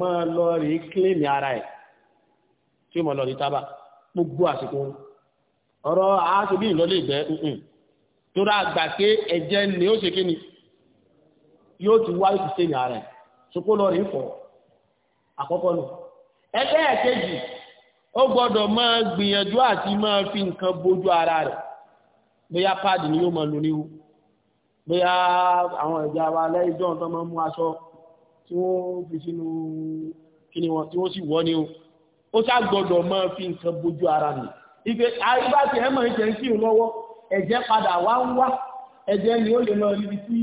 [SPEAKER 1] máa lọ rí kílèmì ara ẹ̀ tí mo lọ rí tábà gbogbo àsìkò ọ̀rọ̀ aṣojú ìlọlé ìgbẹ́ tóra àgbà pé ẹ̀jẹ̀ ni ó ṣe kíni yóò ti wá yóò ti ṣe ìyá rẹ̀ sopó lọ rí fọ̀ àkọ́kọ́ nù. ẹgbẹ́ ẹ̀kejì ó gbọ́dọ̀ máa gbìyànjú àti máa fi nǹkan bójú ara rẹ̀ bóyá páàdì ni yóò máa lò níwú bóyá àwọn ẹ̀já wa lẹ́yìn jọ́ǹtọ́ máa mú aṣọ tí wọ́n fi sínú kíni wọn tí wọ́n sì wọ́ níwú ó ṣá gbọ́dọ̀ máa fi nǹkan bójú ara nì ife àyíká tí ẹ mọ̀ ẹ̀jẹ̀ ń kírun lọ́wọ́ ẹ̀jẹ̀ padà wá ń wá ẹ̀jẹ̀ ni ó lè lọ níbi tí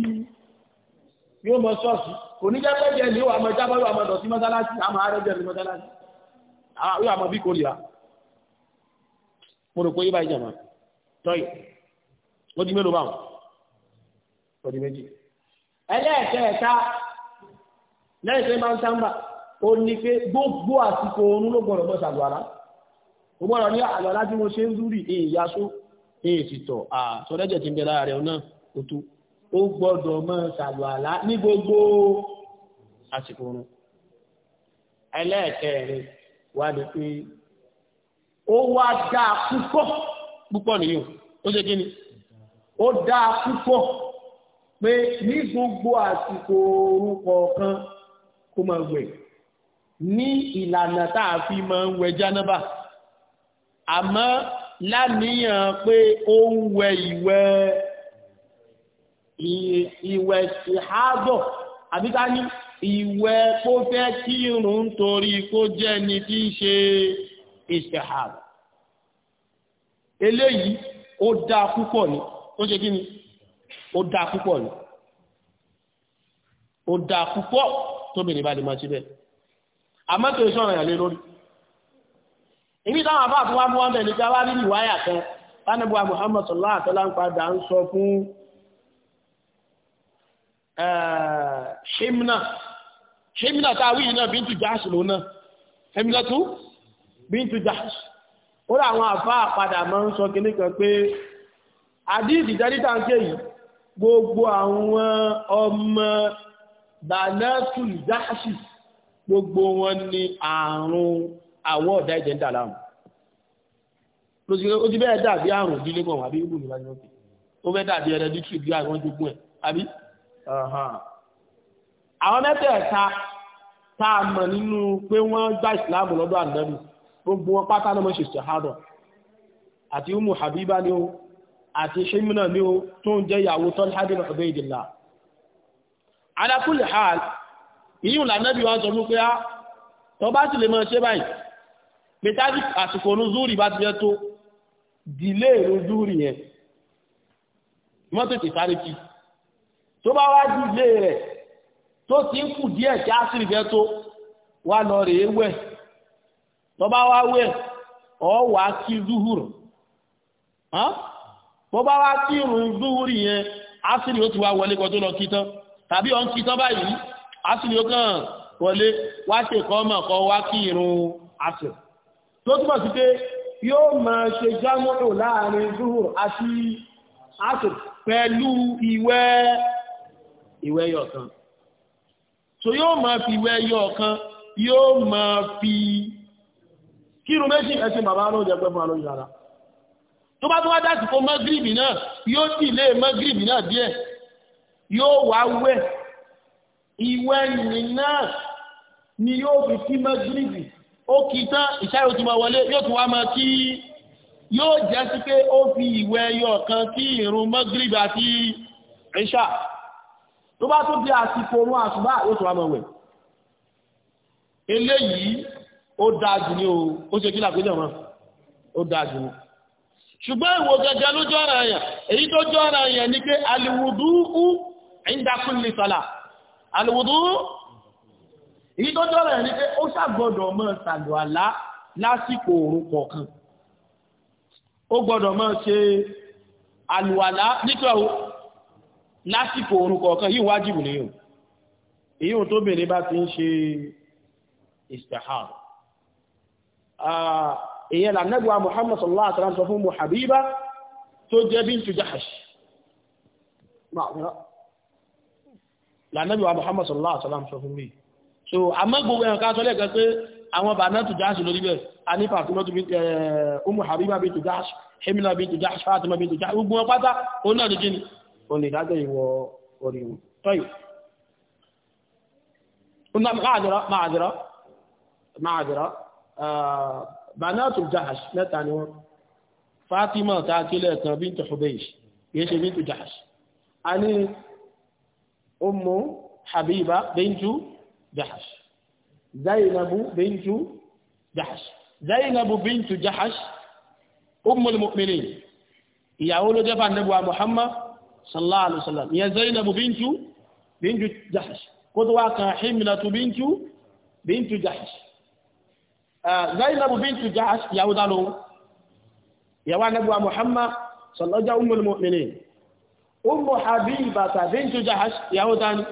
[SPEAKER 1] yóò mọ ṣọ́ọ̀ṣì kò ní jẹ́ pẹ́jẹ́ ni ó wà mọ jábọ́ yóò àmọ́ dọ̀tí mọ́sálásí àmọ́ arẹ́jẹ́ ni mọ́sálásí yóò àmọ́ bí kò lè ra mo rò pé yí báyìí jàmọ́ tọ́yì ó di mélòó báwọn ó di méjì ẹlẹ́ẹ̀kẹ́ẹ̀ta lẹ́yìn tó máa ń sáńbà ó ní pé gbogbo àsìkò oorun ló gbọ́dọ̀ mọ́ ṣàlùwàlá ó gbọ́dọ̀ ní àlùwàlá tí mo ṣe ń zúrì èèyàṣó èèfìtọ̀ àtọ́lẹ́jẹ̀ ti ń bẹ lára rẹ̀ náà ó tó ó gbọ́dọ̀ mọ́ ṣàlùwàlá ní gbogbo àsìkò oorun ẹlẹ́ẹ̀kẹ́rin wá ní pé ó wá dáa púpọ̀ púpọ̀ nìyó ó ṣe kíni ó dáa púpọ̀ pé ní gbogbo àsìkò oorun kọ̀ọ̀kan kó máa gbẹ̀yìn ní ìlànà tá a fi máa ń wẹ jánábà àmọ́ láníyàn pé ó ń wẹ ìwẹ̀ ìwẹ̀ ṣìhábọ̀ àbí ká ní ìwẹ̀ kó fẹ́ kírun nítorí kó jẹ́ ni tí í ṣe ìṣẹ̀hàbọ̀ eléyìí ó dáa púpọ̀ ni ó ṣe kí ni ó dáa púpọ̀ ni ó dáa púpọ̀ tóbi ní bá lè máa ṣe bẹ́ẹ̀ àmọ́ kì í sọ̀rọ̀ yàn lé lórí ibi táwọn àbá àtúwá mú wọn bẹ̀rẹ̀ nípa wá rí ìwáyà kan tánàbùwà Muhammad sallallahu alaihi wasallam padà ń sọ fún ṣímnà ṣímnà táwí náà bíntu jáàsì lónà ṣímnà tún bíntu jáàsì ó rà àwọn àbá padà máa ń sọ kìnnì kan pé àdíìdì jẹ́rítà ń ké yìí gbogbo àwọn ọmọ bànátù jáàsì gbogbo wọn ní àrùn àwọ̀ ọ̀dá ẹ̀jẹ̀ ń dà láàmú ó ti bẹ́ẹ̀ dàbí àrùn ìdílé mọ̀ àbí ìlú mi lájú òkè ó fẹ́ dàbí ẹ̀rẹ́ dítì bí àwọn jogún ẹ̀ àbí àwọn mẹ́tẹ̀ẹ̀ta tá a mọ̀ nínú pé wọ́n gba ìsìláàmù lọ́dọ̀ ànábì gbogbo wọn pátá náà mọ̀ ṣe ṣàhádọ̀ àti umu habiba ni ó àti ṣẹ́mínà ni ó tó ń jẹ́ ìyàwó tọ́lá ìyún lànàbí wa sọ fún pé á ah, tọ́ bá sì lè mọ́ ṣe báyìí pẹ̀tàdì àsìkò ní zúrì bá ti jẹ́ tó dìlé ìrún zúrì yẹn mọ́tòtì sáré kí tó bá wá dìlé rẹ̀ tó ti ń kù díẹ̀ kí á sì rí fẹ́ tó wá lọ rèé wẹ̀ tọ́ bá wá wẹ̀ ọ̀ wá kí zúhùrù bó bá wá kí ìrún zúhùrì yẹn á sì rí ó ti wá wọlé kọ́ lọ kí tán tàbí ọ̀ ń kí tán báyìí asìlì ọkàn wọlé wá ṣe kọ́ ọmọ kan wá kí irun asìl tó túbọ̀ sí pé yóò máa ṣe jámọ́tò láàrin zuhur àti asìl pẹ̀lú ìwẹ̀ ìwẹ̀ yọ̀kan so yóò máa fi ìwẹ̀ yọ̀kan yóò máa fi kírun méjì ẹ̀sìn bàbá ló pẹ́ fún alóyún ara tó bá tó wá dásìkò mọ́gírìbì náà yóò sì lé mọ́gírìbì náà díẹ̀ yóò wá wẹ̀ ìwẹ̀ nìyí náà ni yóò fi kí mẹ́gírìbì ó kí tán ìṣáyò tí máa wọlé yóò tún wá máa kí yóò jẹ́ sí pé ó fi ìwẹ̀ ẹyọ kan kí ìrun mẹ́gírìbì àti ìṣà tó bá tó di àsìkò orun àṣùbá yóò tún wá máa wẹ̀ eléyìí ó dáa ní o ó ṣe kí làpéjọ mọ́ ó dáa jù ní ṣùgbọ́n ìwò gẹ́gẹ́ ló jọ́ra ẹ̀yàn èyí tó jọ́ra ẹ̀yàn ni pé aliwudu inda kulli salat àlùwùdú èyí tó jọ́ rẹ̀ ni pé ó ṣàgbọ́dọ̀ máa ṣàlù àlá lásìkò òru kọ̀ọ̀kan ó gbọ́dọ̀ máa ṣe àlùwàlá nígbà lásìkò òru kọ̀ọ̀kan yìí wájìbù ní yóò èyí tó bèèrè bá ti ń ṣe istihar lànàbí wa Muhammad sallallahu alaihi wasallam sọ fún mi so àmọ́ gbogbo ẹ̀rọ ká sọ lẹ́ẹ̀kan pé àwọn bàánà tó jáàṣì lórí bẹ̀ àní Fatima tó bí Umu Habiba bí tó jáàṣì Hemina bí tó jáàṣì Fatima bí tó jáàṣì gbogbo wọn pátá òun náà ló jẹ́ ni òun lè dájọ́ ìwọ orí wọn tọ́yì máàdìrọ́ máàdìrọ́ bàánà a kílẹ̀ أم حبيبة بنت جحش زينب بنت جحش زينب بنت جحش أم المؤمنين يقول جفا النبوة محمد صلى الله عليه وسلم يا زينب بنت بنت جحش قدوة حملة بنت بنت جحش آه زينب بنت جحش يقول له يا نبوة محمد صلى الله عليه وسلم أم المؤمنين Ummu Habibata bintu Jahash ìyàwó dání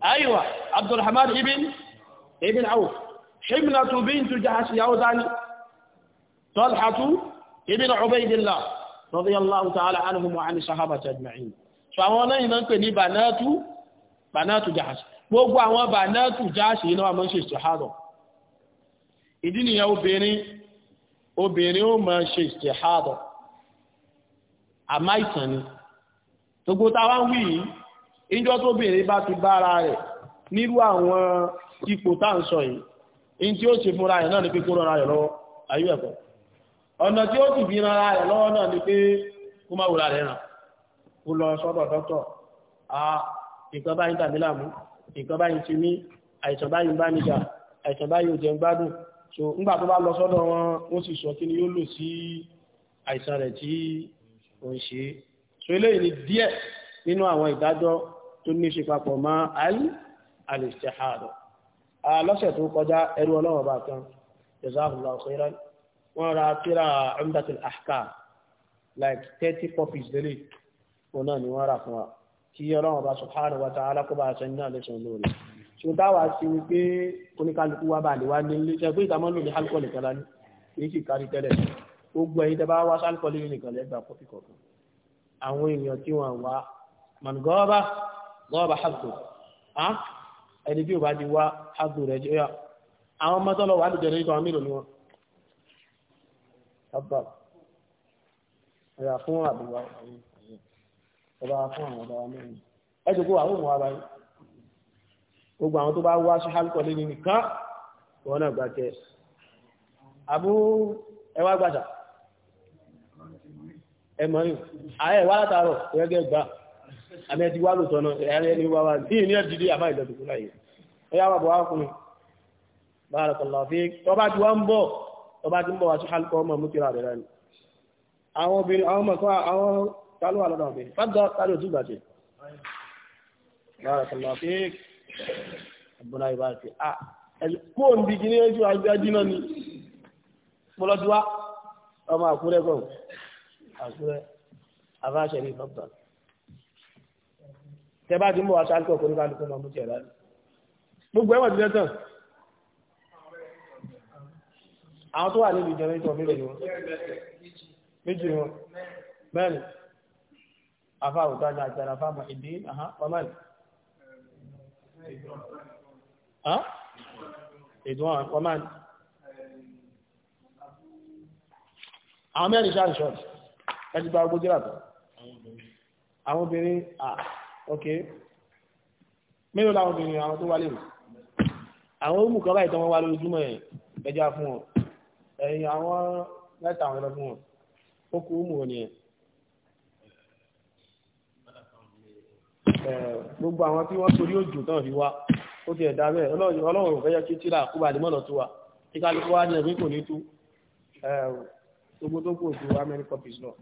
[SPEAKER 1] aiwa Abdulrahman ibn ibn Auf Himnatu bintu Jahash ìyàwó dání Talhatu ibn Ubaydillah radiyallahu ta'ala anhum wa an sahabati ajma'in so àwọn lẹ́yìn náà ń pè ní banatu banatu Jahash gbogbo àwọn banatu Jahash yìí náà wọ́n ṣe ìṣòhádọ̀ ìdí nìyẹn obìnrin obìnrin ó máa ṣe ìṣòhádọ̀ àmá ìsàn ni gbogbo táwa ń wí yìí ìjọ tóbìnrin bá ti bára rẹ̀ nírú àwọn ipò tá à ń sọ yìí in tí ó ṣe fúnra rẹ̀ náà ni pé kó rọra rẹ̀ lọ́wọ́ ayé ẹ̀kọ́ ọ̀nà tí ó sì fi rọra rẹ̀ lọ́wọ́ náà ni pé kó má wòra rẹ̀ ràn kó lọ sọ́dọ̀ dókítà a nǹkan báyìí tàbí láàmú nǹkan báyìí ti ní àìsàn báyìí ń bá níjà àìsàn báyìí ò jẹ́ ń gbádùn so ńgbà tó bá lọ sọ́dọ̀ wọn ó sì sọ kí ni yóò lò sí àìsàn rẹ̀ tí ò ń ṣe é so eléyìí ni díẹ̀ nínú àwọn ìdájọ́ tó ní ṣe papọ̀ mọ́ àìlú alìṣẹ́hàdọ̀ lọ́sẹ̀ tó kọjá ẹrú ọlọ́wọ́ bá kan jazakumullahu khairan wọ́n ra tíra umdatul ahkam like thirty copies délé òun náà ni wọ́n rà fún wa kí ọlọ́wọ́ bá subhanahu wa ta'ala kó bá aṣọ náà lẹ́sùn lórí ṣùgbọ́n wa sí wípé oníkálukú wa bá lè wá nílé ṣe pé ìtàmọ́lò ní alcohol nìkan kì í sì kárí tẹ́lẹ̀ gbogbo ẹ̀yin tẹ́ bá wá sálùkọ́lé yìí nìkan lẹ́gbàá kọ́pì kọ̀ọ̀kan àwọn èèyàn tí wọ́n wá mọ̀nùgọ́ọ́bà gọ́ọ̀bà hàgbò ẹni tí ò bá ti wá hàgbò rẹ̀ jẹ́ àwọn ọmọ tọ́lọ wà lùjẹ̀ nípa mílò ní wọn ọba ẹ̀yà fún àbúwá ọba fún àwọn ọba mẹ́rin ẹjọ́ kó àwọn òmùwà báyìí gbogbo àwọn tó bá wá sí hàlùkọ́ lé nìkan wọn náà gbàtẹ́ àbú ẹwà gbàtà ẹmọ yìí ààrẹ wà látàrọ̀ rẹ́gẹ́ gbà àmẹ́dí wà lóòtọ́ náà ẹ̀rẹ́ ni wà wà ní ní ẹ̀dìdì àbá ìdọ̀dùkú láyé ẹ̀yà wà bọ̀ wá fún mi bárakọ̀lá fi tọba ti wá ń bọ̀ tọba ti ń bọ̀ wá sí halkọ́ ọmọ mú kíra rẹ̀ rẹ̀ àwọn obìnrin àwọn ọmọ kan àwọn tálọ́ wà lọ́dọ̀ obìnrin fàdọ̀ tálọ́ ojú gbàjẹ́ bárakọ̀lá fi àbúrà ìbá ti à kó ń bi kí ní ojú
[SPEAKER 2] àjọ
[SPEAKER 1] àṣùrẹ́ abáṣẹ̀rí ìfọ́pọ̀ tẹ bá ti mú aṣọ àlùkò kò ní kálukú máa mú tiẹ̀ láti gbogbo ẹ̀wọ̀n ti lẹ́tàn àwọn tó wà níbi jẹnẹrétọ̀ mílò ni wọn méjì ni wọn mẹ́rin afa òtá ní àti àràfà mọ̀ ìdí pàmẹ́rin ìdùn àwọn pàmẹ́rin àwọn mẹ́rin ṣáà ṣọ́ọ̀tì ẹ ti gba gbogbo tíra tán àwọn obìnrin à ok mélòó làwọn obìnrin àwọn tó wà lè rò àwọn ó mú kan báyìí tán wọn wá lójúmọ́ ẹ ẹjọ fún wọn ẹ̀yìn àwọn mẹ́ta àwọn ẹlọ fún wọn ó kú mú wọn nìyẹn. gbogbo àwọn tí wọ́n torí òjò tán fi wá ó ti ẹ̀dá bẹ́ẹ̀ ọlọ́run ò fẹ́yẹ́ kí tíra kó bàdé mọ́lọ̀ tó wa kí wá ní ẹ̀mí kò ní tú gbogbo tó kù òjò amẹ́ríkà pìs náà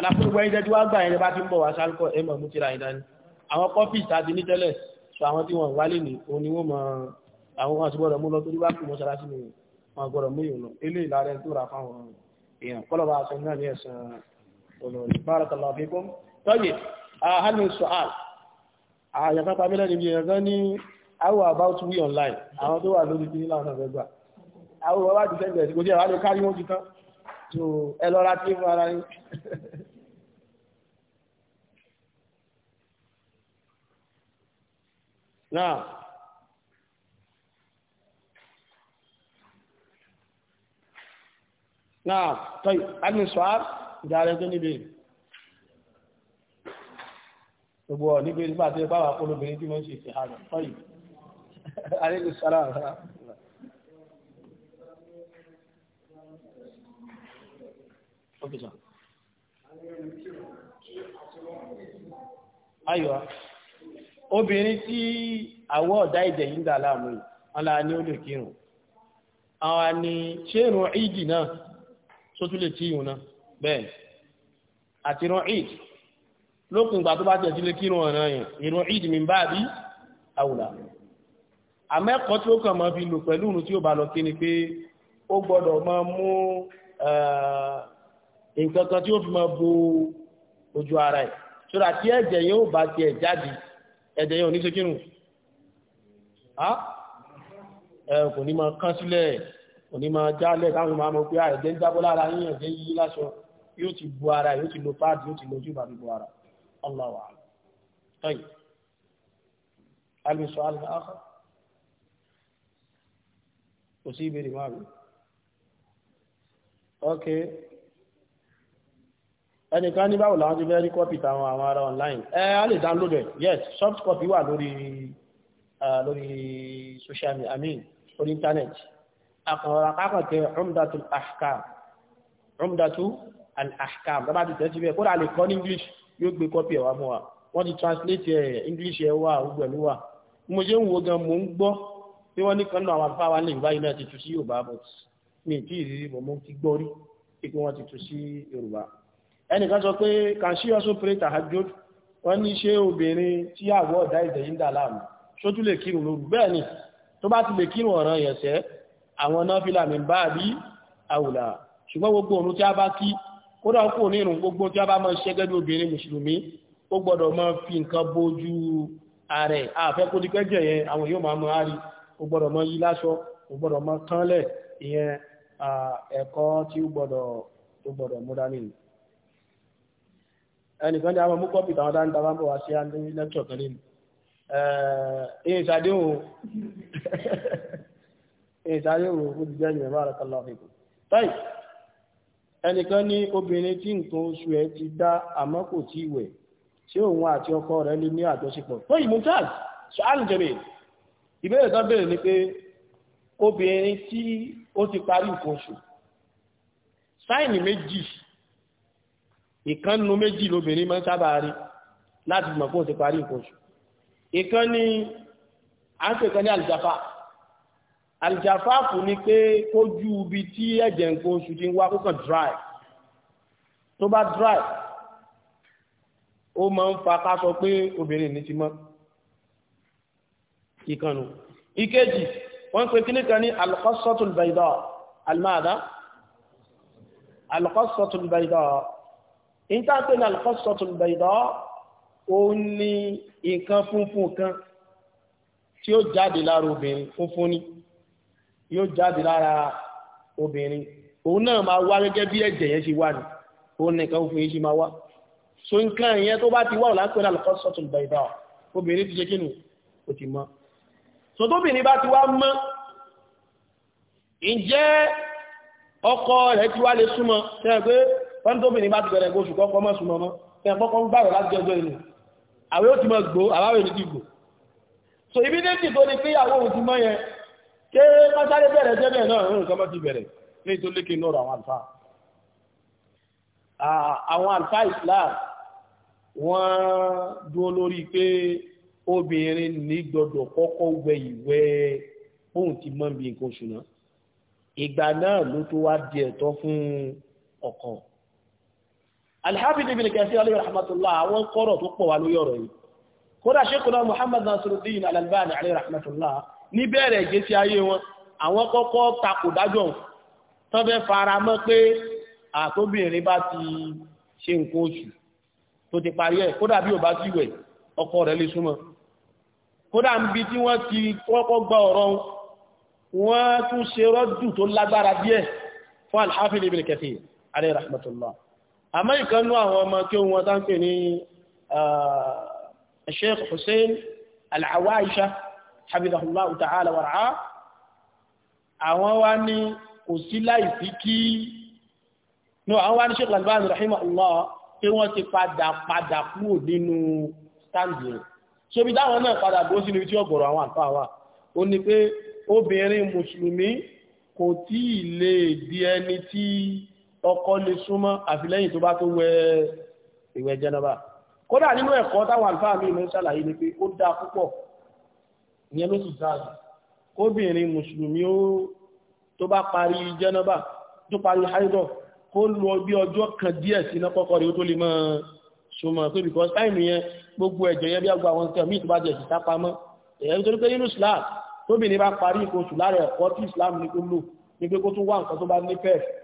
[SPEAKER 1] aláfúrúgbọ ẹ̀jẹ̀ tí wàá gbà yẹn bá ti ń bọ̀ wá sálùkọ ẹ mọ mútìrà yìí dání àwọn kọfí ìtàdí ní tẹ́lẹ̀ sọ àwọn tí wọn wálé ní òun ni wọn mọ àwọn wọn sì gbọ́dọ̀ mú lọ torí wàá kú mọ́ṣáláṣí ni wọn gbọ́dọ̀ mú yòó lọ eléyìí lára tó rà fáwọn èèyàn kọlọba àwọn online àwọn tó wà lórí kiri láwọn ọgbẹ gbà àwọn ọba ti sẹgbẹ ẹsìn kò sí àwọn àlọ kárí wọn ti tán so ẹ lọ ra fún ara yín <laughs> náà náà tọ́yì amiswar jàre tó níbi gbogbo ọ̀ níbi nígbà tí bá wà olóbìnrin tí wọ́n ṣe ti hàn tọ́yì alẹ́gbẹ̀sára rárá Okay, sir. Ayọ̀ obìnrin tí àwọ̀ ọ̀dá ìjẹ̀ yìí ń dà láàmú yìí wọn la ní ó lè kírun àwọn ni ṣé ìrun ìdì náà tó tún lè tí ìhun náà bẹ́ẹ̀ àti ìrun ìdì lókun ìgbà tó bá tẹ̀ sí lè kírun ọ̀nà yẹn ìrun ìdì mi bá bí àwùlà àmẹ́kọ̀ọ́ tí ó kàn máa fi lò pẹ̀lú ìrun tí ó bá lọ kí ni pé ó gbọ́dọ̀ máa mú eh, nǹkan kan tí ó fi máa bo ojú ara ẹ̀ ṣọ́ra tí ẹ̀jẹ̀ yẹn bá tiẹ̀ jáde ẹ̀jẹ̀ yẹn ò ní ṣe kírun kò ní máa kán sílẹ̀ kò ní máa jálẹ̀ táwọn máa mọ̀ pé ẹ̀jẹ̀ ń jábọ́ lára yín ẹ̀jẹ̀ yí láṣọ yóò ti bu ara yóò ti lo páàdì yóò ti lo ojú ìbàbí bu ara Allahu ẹnìkan ní báwo làwọn ti fẹ́ rí kọ́pì táwọn àwọn ará online ẹ á lè download it. yes soft copy wà lórí lórí social media i mean lórí internet àkànrà kákàtẹ umdatu al-ahkam umdatu al-ahkam bàbá ti tẹ́sí bẹ́ẹ̀ kódà lè kọ́ ní english yóò gbé kọ́pì ẹ̀ wá mọ́ wa wọ́n ti translate ẹ̀ english ẹ̀ wá gbogbo ẹ̀mí wa mo ṣe ń wo gan mo ń gbọ́ pé wọ́n ní kan náà àwọn afáwa lè báyìí náà ti tu sí yorùbá but mi ì tí ì rí mo ti gbọ́ rí pé wọ́n ti tu sí yorùbá ẹnìkan sọ pé can she also pray tahajjud wọ́n ní ṣé obìnrin tí àwọ̀ ọ̀dá ìdẹ̀ yìí ń dà láàmú ṣótú lè kírun lóru bẹ́ẹ̀ ni tó bá ti lè kírun ọ̀ràn yẹ̀sẹ̀ àwọn náfìlà min ba'di awla ṣùgbọ́n gbogbo òun tí a bá kí kódà kò ní irun gbogbo tí a bá máa ṣẹ́gẹ́ bí obìnrin mùsùlùmí ó gbọ́dọ̀ máa fi ẹnìkan ní àwọn mú kọ́pì tàwọn dáńtà bá ń bọ̀ wá sí àndé lẹ́kṣọ̀ kan nínú ẹ̀yìn ìṣàdéhùn ìṣàdéhùn olùjẹ́ ìrìn bá rẹ̀ kọlọ ìkù táì ẹnìkan ní obìnrin tí nǹkan oṣù ẹ̀ ti dá àmọ́ kò tí wẹ̀ tí òun àti ọkọ rẹ̀ lè ní àjọṣepọ̀ tó ìmúntàl ṣáàlù jẹ̀bẹ̀ ìbéèrè kan ni pé obìnrin tí ó ti parí nǹkan oṣù sáìnì méjì ìkànnù méjì lóbìnrin máa ń sábà rí láti mọ̀ fóun ti parí nǹkan oṣù ìkan ní à ń pè kan ní àlùjáfà àlùjáfà kù ni pé kójú ibi tí ẹ̀jẹ̀ nǹkan oṣù ti ń wá kókàn dry tó bá dry ó máa ń fa ká sọ pé obìnrin ní ti mọ́ ìkànnù ìkejì wọ́n pè kíní kan ní alqassatul bayda almaada ìtàpé náà al-khassatul bayda ó ní nǹkan funfun kan tí ó jáde lára obìnrin funfun ni yóò jáde lára obìnrin òun náà máa wá gẹ́gẹ́ bí ẹ̀jẹ̀ yẹn ṣe wà ní òun nìkan fún yìí ṣe máa wá so nǹkan ìyẹn tó bá ti wà lápẹ́ náà al-khassatul bayda obìnrin ti ṣe wọ́n tó bìnrin bá ti bẹ̀rẹ̀ oṣù kọ́kọ́ mọ́ súnmọ́ mọ́ fẹ́ kọ́kọ́ ń gbàrọ̀ láti ọjọ́ ìlú àwẹ́ ó ti mọ́ gbò àwáwẹ̀ ní ti gbò so ibi déjì tó ní pé ìyàwó òun ti mọ́ yẹn ké mọ́sáré bẹ̀rẹ̀ jẹ́ bẹ̀rẹ̀ náà nǹkan mọ́ ti bẹ̀rẹ̀ ní tó lékè náà àwọn àlùfáà àwọn àlùfáà Islam wọ́n dúró lórí pé obìnrin ní gbọdọ̀ kọ́kọ́ wẹ ìwẹ̀ òun ti mọ́ bí nǹkan oṣù náà ìgbà náà ló tó wá di ẹ̀tọ́ fún ọkọ alhafidu bin kẹsí alayhi rahmatullah àwọn kọ́rọ̀ tó pọ̀ wà lórí ọ̀rọ̀ yìí kódà ṣekùnà muhammad nasiruddin al-albani alayhi rahmatullah ní bẹ̀rẹ̀ ìgbésí ayé wọn àwọn kọ́kọ́ takò dájọ́ tán fẹ́ fara mọ́ pé àtóbìnrin bá ti ṣe nǹkan oṣù tó ti parí ẹ̀ kódà bí ò bá ti wẹ̀ ọkọ rẹ̀ lè súnmọ́ kódà ń bi tí wọ́n ti kọ́kọ́ gba ọ̀rọ̀ wọn tún ṣe rọ́dù tó lágbára díẹ̀ fún alhafidu bin kẹsí alayhi rahmatullah àmọ́ ìkanú àwọn ọmọ kí wọn tá ń pè ní sheikh hussein al-awaisha habibullahu ta'ala wàrà àwọn wá ní kò sí láìsí kí ní àwọn wá ní sheikh al-albani rahimahullah pé wọ́n ti padà padà kúrò nínú stand yẹn sobi dáwọn náà padà bó sínú tí ọ̀gọ̀rọ̀ àwọn àfáà wà ó ní pé obìnrin mùsùlùmí kò tí ì lè di ẹni tí ọkọ lè súnmọ́ àfilẹ́yìn tó bá tó wẹ ìwẹ̀ jẹnaba kódà nínú ẹ̀kọ́ táwọn àlùfáà mi ìmọ̀ ṣàlàyé ni pé ó dáa púpọ̀ ìyẹn ló sì dáa jù kóbìnrin mùsùlùmí ó tó bá parí jẹnaba tó parí haidọ̀ kó lọ bí ọjọ́ kan díẹ̀ sí náà kọ́kọ́ rí ó tó lè máa súnmọ́ pé because táìmù yẹn gbogbo ẹ̀jẹ̀ yẹn bí agbó àwọn nǹkan míì tó bá jẹ̀ sí sápamọ́ èyí nítorí pé nínú Islam tóbìnrin bá parí ìkóṣù lára ẹ̀kọ́ tí Islam ní kó lò ní pé kó tún wá nǹkan tó bá ní pẹ́ẹ̀fẹ́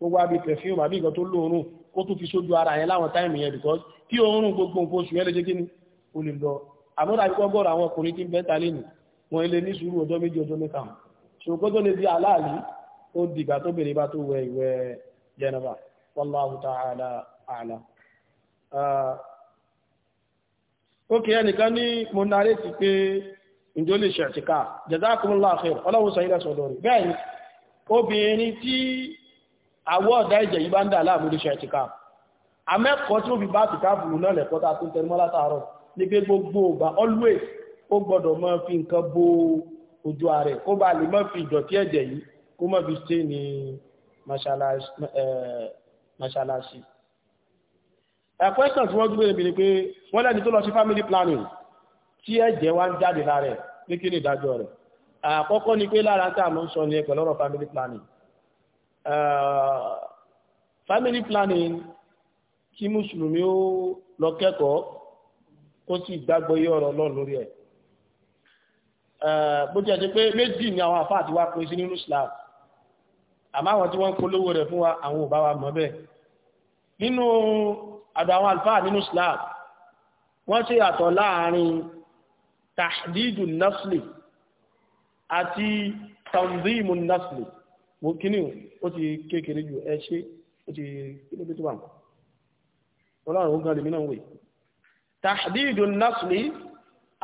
[SPEAKER 1] kó wá bí perfume àbí nǹkan tó lóorùn kó tún fi sójú ara yẹn láwọn táìmù yẹn because kí oorun gbogbo nǹkan oṣù yẹn lè ṣe kí ni o lè lọ àmọ́ dàbí kọ́ bọ́ọ̀rọ̀ àwọn ọkùnrin tí ń bẹ́ta lé nì wọ́n lè ní sùúrù ọjọ́ méjì ọjọ́ mẹ́ta ṣùgbọ́n tó lè di aláàlí ó dìgbà tó bèrè bá tó wẹ ìwẹ̀ jẹnaba wallahu ta'ala a'lam ókè ẹnìkan ní mo narí ti pé khair ọlọ́run sọ ilẹ̀ sọ̀dọ̀ rẹ̀ àwọ́ ọ̀dá ìjẹ̀ yìí bá ń dà láàmú ní ṣẹ̀tìká amẹ́kọ̀ọ́ tí ó fi bá tìká fún náà lẹ̀kọ́ ta tún tẹnumọ́ látàárọ̀ ní pé gbogbo ọba always ó gbọ́dọ̀ mọ́ fi nǹkan bo ojú ààrẹ kó bá lè mọ́ fi ìdọ̀tí ẹ̀jẹ̀ yìí kó mọ́ fi ṣe ní mọ́ṣáláṣí ẹ̀kọ́ ẹ̀sán tí wọ́n gbé ni pé wọ́n lẹ́ni tó lọ sí family planning tí ẹ̀jẹ̀ wá ń jáde lára ẹ̀ pé kí ni ìdájọ́ rẹ̀ àkọ́kọ́ ni pé lára tá a mọ́ ń sọ ni ẹ̀ pẹ̀lọ́rọ̀ family planning Uh, family planning kí mùsùlùmí ó lọ kẹ́kọ̀ọ́ kó sì gbàgbọ́ yé ọ̀rọ̀ náà lórí ẹ̀ uh, bó ti ẹ̀jẹ̀ pé méjì ni àwọn àfáà ti wá pín sí nínú Islam àmọ́ àwọn tí wọ́n ń polówó rẹ̀ fún wa àwọn ò bá wa mọ̀ bẹ́ẹ̀ nínú àdó àwọn àlùfáà nínú Islam wọ́n ṣe yàtọ̀ láàrin tahdidu nasli àti tanzimu nasli mo kíní ó ti kékeré ju ẹ ṣe ó ti kíní bí tó wà nǹkan ọlọ́run ó gan lèmi náà wè tàdídù násùlì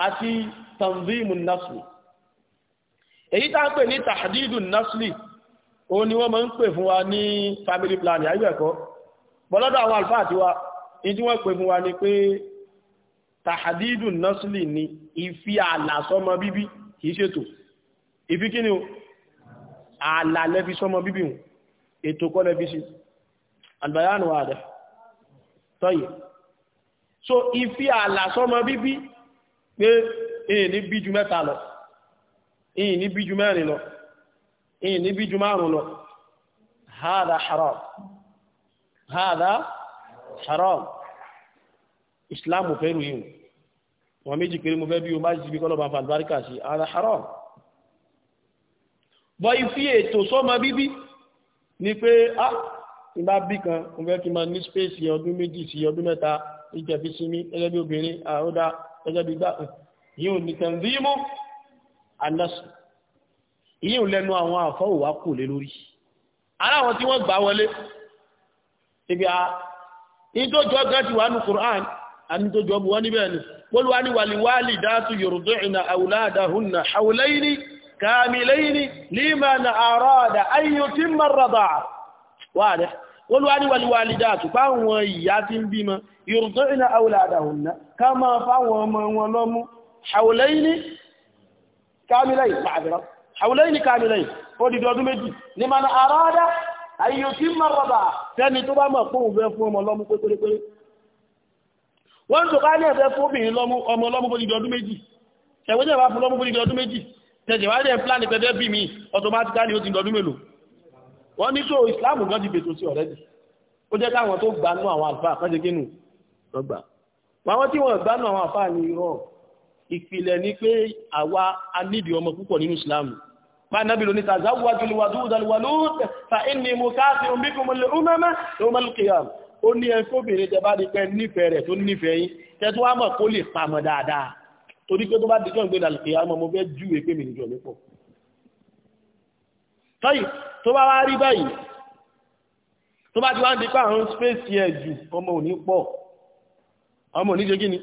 [SPEAKER 1] àti tanzimu násùlì èyí tá ń pè ní tàdídù násùlì ó ní wọ́n máa ń pè fún wa ní family planning ayé ẹ̀kọ́ bọ́lọ́dọ̀ àwọn àlfáà tiwa ní tí wọ́n pè fún wa ní pé tàdídù násùlì ni ìfi àlà sọ́mọ bíbí kìí ṣètò ìfi kíni o ààlà lẹ́bí sọmọ bíbí wọn ètò kọ́ lẹ́bí sí albayanu àdá tọ́yẹ̀ so ìfi ààlà sọmọ bíbí pé èyí ní bí ju mẹ́ta lọ èyí ní bí ju mẹ́rin lọ èyí ní bí ju márùn lọ hádá haram hádá haram islam fẹ́rù yìí wọ́n méjì pé mo fẹ́ bí o má jí bí kọ́lọ̀ bá sí hádá haram bọ́ ifi ètò sọ́mọ bíbí ni pé á ah, tí bá bí kan mo fẹ́ kí n máa ní space ọdún méjì sí ọdún mẹ́ta ìjẹ̀fi sinmi gẹ́gẹ́ bí obìnrin àròdà gẹ́gẹ́ bí gbà yíò ní tanzimu anásù yíò lẹ́nu àwọn àfọ́wà kò lé lórí ara àwọn tí wọ́n gbà wọlé ibi a ní tó jọ gan ti wà ní Qur'an àní tó jọ bu wọ́n níbẹ̀ ni wọ́n wá ní wàlíwálì dáàtú yorùdó ìnà àwùládàhùn náà hawlayni كاملين لمن أراد أن يتم الرضاعة واضح والوالي والوالدات فهو ياتم بما يرضعن أولادهن كما فهو من ولم حولين كاملين معذرة حولين كاملين فدي دودو ميجي لمن أراد أن يتم الرضاعة ثاني تبا ما قوم بفهم الله مكوكوري كوري wọ́n tó ká ní ẹ̀fẹ́ fóbìnrin ọmọ ọlọ́mọ bó ti di ọdún méjì ẹ̀wọ́n jẹ́ ìbá fún ọlọ́mọ bó ti di ọdún méjì tẹ̀sẹ̀ wá dẹ̀ plan pẹ̀lú bí mi automatically ó ti dọdún mélòó wọ́n ní tó Islam gan ti bètò sí ọ̀rẹ́dì ó jẹ́ káwọn tó gbà nú àwọn àlùfáà kan ṣe kínú lọ́gbà àwọn tí wọ́n gbà nú àwọn àlùfáà ní irọ́ ìpìlẹ̀ ni pé àwa a nídìí ọmọ púpọ̀ nínú Islam máa nábì lóní tazawwaju al-wadud al-walud fa inni mukafirun bikum al-umama yawm al-qiyam ó ní ẹkọ́bìnrin tẹ bá di pẹ́ nífẹ̀ẹ́ rẹ̀ tó nífẹ̀ẹ́ yín tẹ́tọ́ wá mọ̀ kó lè pamọ́ dáadáa torí pé tó bá dijọ́ ìgbé dàlùkì àmọ́ mo fẹ́ júwe pé mi nìjọ́ mi pọ̀ tọ́yì tó bá wá rí báyìí tó bá ti wá ń di pé àwọn space yẹ jù ọmọ òní pọ̀ ọmọ òní ṣe ni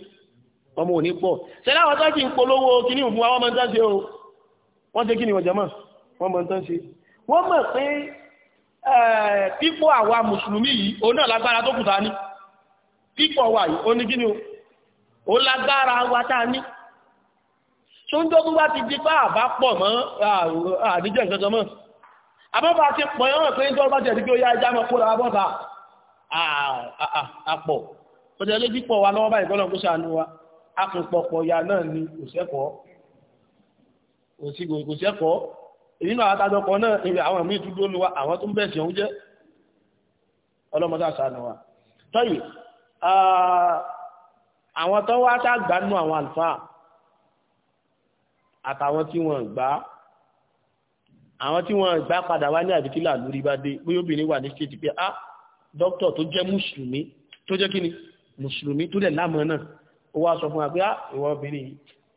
[SPEAKER 1] ọmọ òní pọ̀ ṣẹlẹ̀ àwọn tó kí ń polówó kíní òfin àwọn ọmọ ń tán o wọ́n ṣe kí ni ọjà mọ̀ wọ́n mọ̀ ń tán ṣe wọ́n mọ̀ pé eh, pípọ̀ àwa mùsùlùmí yìí òun náà lágbára tó kù ta ní pípọ̀ wà yìí tó ń dọ́gbọ́n bá ti di pá àbá pọ̀ mọ́ àdíjẹ́ ìjọjọ́ mọ́ àbọ́bà ti pọ̀ ẹ̀wọ̀n pé ń dọ́gbọ́n bá jẹ̀ sí pé ó yá ẹja mọ́ kóra bọ́ta àpọ̀ ọjọ́ ilé pípọ̀ wa lọ́wọ́ báyìí gọ́lọ̀ kó ṣàánú wa akùnpọ̀pọ̀ ya náà ni kò sẹ́kọ̀ọ́ ìrìnà àtàjọpọ̀ náà ìrìn àwọn ìmú ìtúdó ní wa àwọn tó ń bẹ̀ẹ̀sì ọ̀hún jẹ́ ọlọ́mọdá ṣàánú wa tọ́yì àwọn tó wá ṣàgbánú àwọn àlùfáà àtàwọn tí wọ́n gbà àwọn tí wọ́n gbà padà wá ní àbíkílà lórí bá dé bí obìnrin wà ní stéètì pé ah dókítà tó jẹ́ mùsùlùmí tó jẹ́ kí ni mùsùlùmí tó dẹ̀ lámọ̀ náà ó wá sọ fún wa pé ah ìwọ obìnrin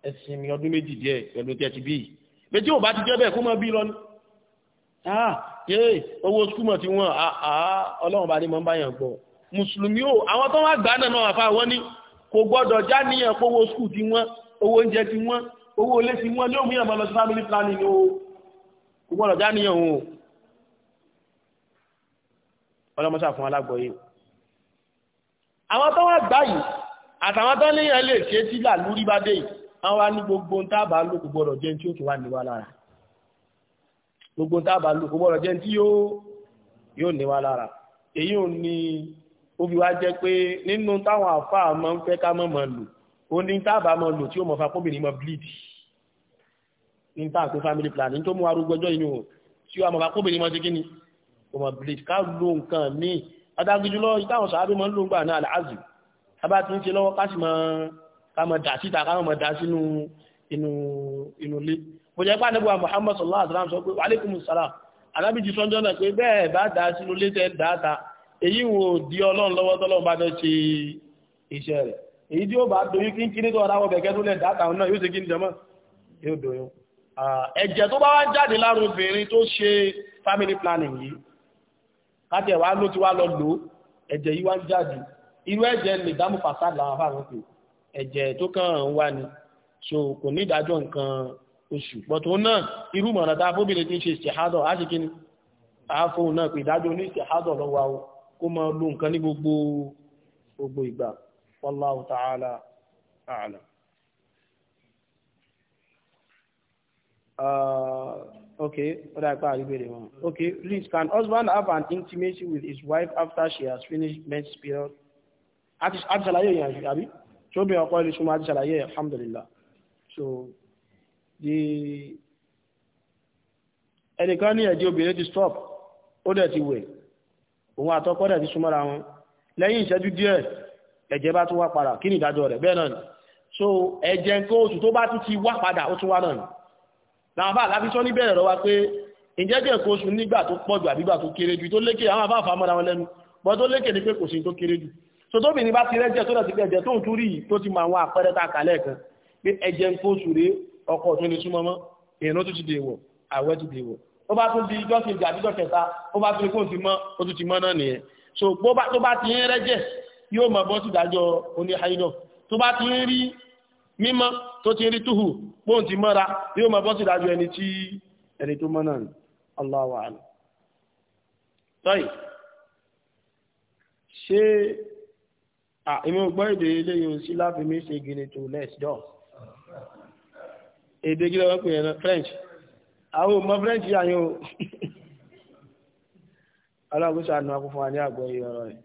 [SPEAKER 1] ẹ̀sìn mi ọdún méjì díẹ̀ pẹ̀lú tẹ́tí bí yìí pé tí ò bá ti jẹ́ bẹ́ẹ̀ kó mọ́ bí lọ ní ah yéè owó skúmọ̀ tí wọ́n àá ah, ah, ọlọ́run bá ní mọ́ bá gbọ́ mùsùlùmí ò àwọn tó wá gbà náà náà àfa wọ́n ní kò gbọ́dọ̀ já níyàn kówó skú owó ilé ti wọ́n ní òun yàn máa lọ sí family planning o kò gbọ́dọ̀ dáníyàn o ọlọ́mọṣà fún alágbọ̀ọ́yé àwọn tó wà gbá yìí àtàwọn tó níyàn lè ṣe tí là lórí bá dé yìí wọ́n wá ní gbogbo ń tábà lò kò gbọ́dọ̀ jẹ́ tí ó tún wà níwá lára gbogbo ń tábà lò kò gbọ́dọ̀ jẹ́ tí yóò níwá lára èyí ò ní ó fi wá jẹ́ pé nínú táwọn àfáà máa ń fẹ́ ká mọ̀ mọ̀ lò ó ní tábà mọ́ lò tí ó mọ̀ fapóbìnrin mọ́ bleed ní táà pé family planning tó mú arúgbọ́jọ́ inú o tí ó mọ̀ fapóbìnrin mọ́ sí kí ni ó mọ̀ bleed ká lo nǹkan ní adágbéjúlọ ìtàwọn sàábé mọ́ ló ń gbà náà aláàzù abá ti ń ṣe lọ́wọ́ ká sì mọ́ síta ká mọ́ dà sínú inú ilé mo jẹ́ pé ànábì wa Muhammad sallallahu alaihi wa sallam sọ pé wa alaikum salam alábì ti sọ́njọ́ náà pé bẹ́ẹ̀ bá dà èyí tí ó bá doyún kí n kí ní tó ọ̀dá wọ bẹ̀kẹ́ tó lẹ̀ dáta náà yóò ṣe kí n jẹmọ́ yóò doyún ẹ̀jẹ̀ tó bá wá jáde lára obìnrin tó ṣe family planning yìí káti ẹ̀wà ló ti wá lọ lò ó ẹ̀jẹ̀ yìí wá ń jáde irú ẹ̀jẹ̀ lè dámú fasad làwọn afáàrùn pé ẹ̀jẹ̀ tó kàn ń wá ni so kò ní ìdájọ́ nǹkan oṣù pọ̀tò náà irú mọ̀nà tá fóbìnrin ti ń ṣe ìṣẹ̀hádọ̀ á sì kíni àáfóun náà pé ìdájọ́ oní ìṣẹ̀hádọ̀ lọ́wọ́ kó máa lo nǹkan ní gbogbo gbogbo ìgbà والله تعالى أعلم Uh, okay, okay, please, can husband have an intimacy with his wife after she has finished men's period? Àti ṣàlàyé yẹn àbí? Tí ó bẹ̀rẹ̀ ọkọ̀ ilé súnmọ́ àti ṣàlàyé alhamdulillah. So, the ẹnìkan ní ẹ̀dí obìnrin ti stop, ó dẹ̀ ti wẹ̀, òun àtọkọ dẹ̀ ti súnmọ́ra wọn. Lẹ́yìn ìṣẹ́jú díẹ̀, ẹ̀jẹ̀ bá tún wá padà kí ni ìdájọ́ rẹ̀ bẹ́ẹ̀ náà ni so ẹ̀jẹ̀ nǹkan oṣù tó bá tún ti wá padà ó tún wá náà ni làwọn bá àlábísọ ní bẹ̀rẹ̀ rọ wa pé ǹjẹ́ jẹ́ nǹkan oṣù nígbà tó pọ̀ jù àbígbà tó kéré jù tó lékè àwọn àbá àfàmọ́ra wọn lẹ́nu bọ́ tó lékè ni pé kò sí tó kéré jù so tóbi ní bá ti rẹ́jẹ̀ tó dẹ̀sí ẹ̀jẹ̀ tó ń tún rí tó ti mọ àwọn àpẹẹrẹ tá a kà pé ẹ̀jẹ̀ nǹkan oṣù rèé ọkọ̀ ọ̀tún ni súnmọ́ mọ́ èèyàn tó ti dèwọ̀ àwẹ̀ ti dèwọ̀ ó bá tún di ìjọ́sìn ìjà àbíjọ́ kẹta ó bá tún kóun ti mọ́ ó tún ti mọ́ náà nìyẹn so tó bá ti ń rẹ́jẹ̀ yóò máa bọ́ sí ìdájọ́ oní haidọ̀ tó bá ti ń rí mímọ́ tó ti ń rí túhù bóun ti mọ́ra yóò máa bọ́ sí ìdájọ́ ẹni tí ẹni tó mọ́ náà ni Allahu a'lam tọ́yì ṣé àìmú èdè ilé sí láti ṣe gini to let's do èdè gílẹ̀ wọ́n pè ẹ̀nà French àwọn ọmọ French yà yóò aláàgbéṣà nù akúfún àní àgbọ̀ ìrọ̀rọ̀ rẹ̀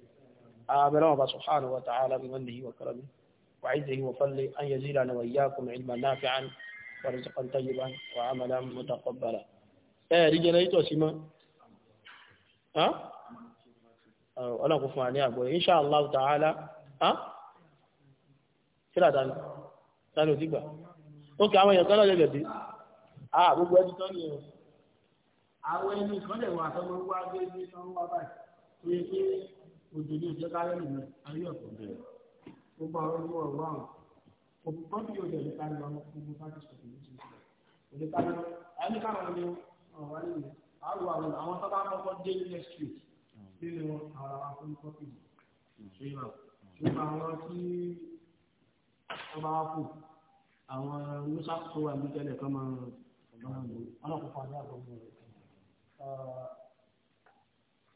[SPEAKER 1] آمن الله سبحانه وتعالى بمنه وكرمه وعزه وفضله أن يزيدنا وإياكم علما نافعا ورزقا طيبا وعملا متقبلا. إيه رجال أيتوا سيما؟ ها؟ أنا غفران يا أبوي إن شاء الله تعالى ها؟ كلا دانا دانا ديبا. أوكي أما يقال لك دي. آه أبو بوي تاني. أبوي مش واسمه أبوي مش كده òjò ní ìjọ kárẹ́ nìyẹn ayé ọ̀tọ̀ bẹ̀rẹ̀ gbogbo àwọn ọmọ ọ̀rọ̀ àwọn òbí bọ́ọ̀dù yóò jẹ́ nípa lọ gbogbo bájú sọ̀tún ní ṣíṣe òní ká lọ ẹni ká lọ ní ọ̀rọ̀ ayé mi àwọn àwọn àwọn tó bá kọ́kọ́ dé nílẹ̀ street nínú àwọn àwọn kọ́pì ṣùgbọ́n àwọn tí wọ́n bá kù àwọn musa tó wà ní tẹ́lẹ̀ kọ́ máa ọlọ́kùnfà ní àgbọ̀n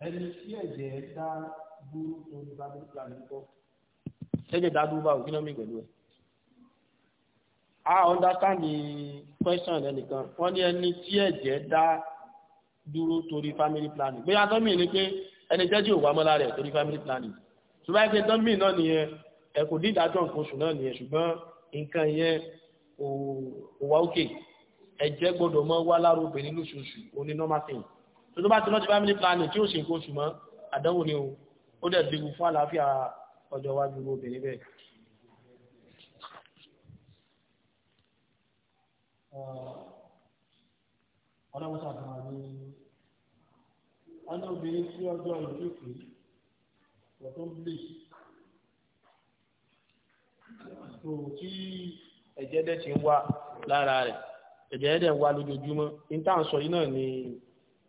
[SPEAKER 1] ẹni tí ẹ̀jẹ̀ dá burú tó ní family planning kọ́. ṣẹ́jẹ̀ dádúró báwo kí ló mí pẹ̀lú ẹ̀. a understand the question ẹnìkan wọ́n ní ẹni tí ẹ̀jẹ̀ dá dúró torí family planning bóyá tó mìíràn ni pé ẹni jẹ́jì ò wá mọ́lá rẹ̀ torí family planning ṣùgbọ́n ẹgbẹ́ tó mìíràn náà nìyẹn ẹ kò dídájọ́ nǹkan oṣù náà nìyẹn ṣùgbọ́n nǹkan yẹn kò wá òkè ẹ̀jẹ̀ gbọ́dọ̀ mọ́ wá lára obìnrin lóṣooṣù oní normal thing tó tó bá ti lọ́ọ́ ti family planning tí ó ṣe nǹkan oṣù mọ́ àdánwò ni o ó dẹ̀ dìbò fún àlàáfíà ọjọ́ iwájú obìnrin bẹ́ẹ̀. ọlọ́wọ́ sàtàmà ní ọjọ́ obìnrin sí ọjọ́ ìlú pé ọ̀tún blé tó kí ẹ̀jẹ̀ dẹ̀ ti ń wá lára rẹ̀ ẹ̀jẹ̀ dẹ̀ ń wá lójoojúmọ́ ní tá à ń sọ yìí náà ni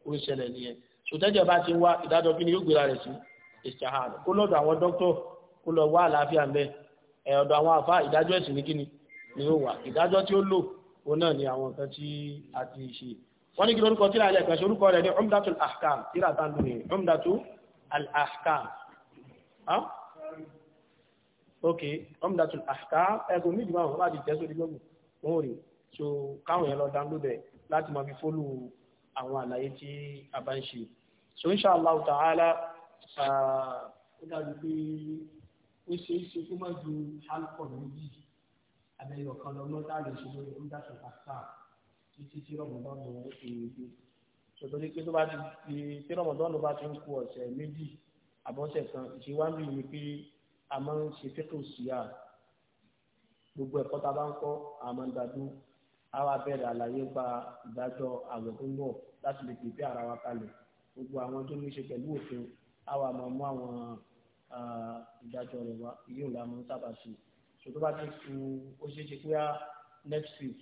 [SPEAKER 1] ó ń ṣẹlẹ̀ nìyẹn sòtẹ́jẹ̀ bá ti ń wá ìdájọ́ kí ni yóò gbéra rẹ̀ sí ìṣàhàn kó lọ́dọ̀ àwọn dókítọ̀ kó lọ wá àlàáfíà ńbẹ ẹ̀ ọ̀dọ̀ àwọn àfa ìdájọ́ ẹ̀sìn ní kíni ni ó wà ìdájọ́ tí ó lò òun náà ni àwọn nǹkan tí a ti ṣe wọ́n ní kí lórúkọ tíra ilẹ̀ kan ṣorúkọ rẹ̀ ní umdatul ahkam tíra tá ń lò ní umdatul ahkam ok umdatul ahkam ẹ̀kọ́ méjì máa wọ́n láti jẹ́ sórí lọ́gùn wọ́n rí so káwọn yẹn lọ download ẹ̀ láti máa fi fólù àwọn àlàyé tí a bá ń ṣe so insha ta'ala ó dàbí pé ó ṣe é ṣe kó má ju alcohol méjì abẹ́yẹ ọ̀kan lọ lọ́dà lè ṣe lórí ọ̀dà ṣàkàtà títí tí rọ̀mọ̀dọ́nù èyí dé ṣòtòrí pé tó bá ti di tí rọ̀mọ̀dọ́nù bá ti ń kù ọ̀sẹ̀ méjì àbọ̀sẹ̀ kan ìṣèwádìí ni pé a máa ń ṣe fẹ́tò sí à gbogbo ẹ̀kọ́ tá a bá ń kọ́ a máa ń dájú a wá bẹ̀rẹ̀ àlàyé gba ìdájọ́ àgbẹ̀ tó ń bọ̀ láti lè pèpè ara wa kalẹ̀ gbogbo àwọn tó àwa máa mú àwọn ìdájọ́ rẹ̀ wá yóò la mọ́ sábà sí i ṣùgbọ́n bá ti ku ó ṣeé ṣe pé next week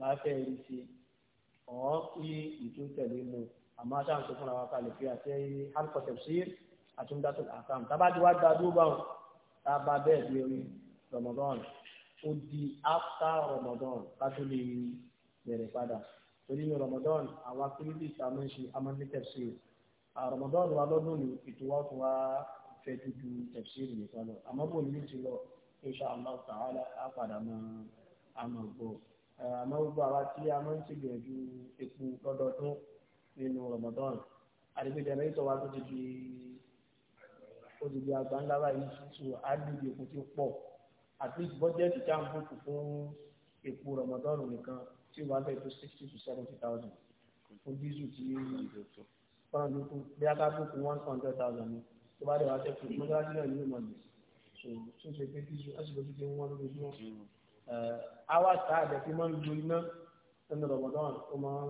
[SPEAKER 1] láfẹ́ rí sí ọ̀ kí ìtúntẹ̀lé mu àmọ́ aṣáà ń sọ fúnra wa kalẹ̀ pé àti halqa tafsir àti umdatul ahkam tábàdí wá gba dúró báwọn tábà bẹ́ẹ̀ bí orí Ramadan ó di after Ramadan kátó lè bẹ̀rẹ̀ padà torí ní Ramadan àwa kiri bíi sàmúnṣe amọ̀ ní tafsir. Ramadan wa lọ́dún ni ètò wa fún wa fẹ́ dúdú tafsiri nìkan lọ àmọ́ bò ní ti lọ insha Allah ta'ala á padà mọ àmọ́ gbọ́ àmọ́ gbogbo àwa tí a máa ń ṣègbìyànjú epo lọ́dọọdún nínú Ramadan àdébíjẹ náà ìtọ́wá tó ti di ó ti di àgbà ńlá báyìí tó àdúgbò epo ti pọ̀ at least bọ́jẹ́tì tá à ń bùkù fún epo Ramadan nìkan tí wàá bẹ̀ tó sixty to seventy thousand fún dísù tí fọ́nà tó kú bí akábù one hundred thousand ni tó bá dẹ̀ wá tẹ̀ kú mọ́tò àti náà ní ìmọ̀ ní tó ṣe pé tíṣu àṣìkò tó ti ń wọ́n lójú wọn. Eh, àwa tá a jẹ́ pé máa ń lo iná ẹnu rọ̀bọ̀dán ó máa ń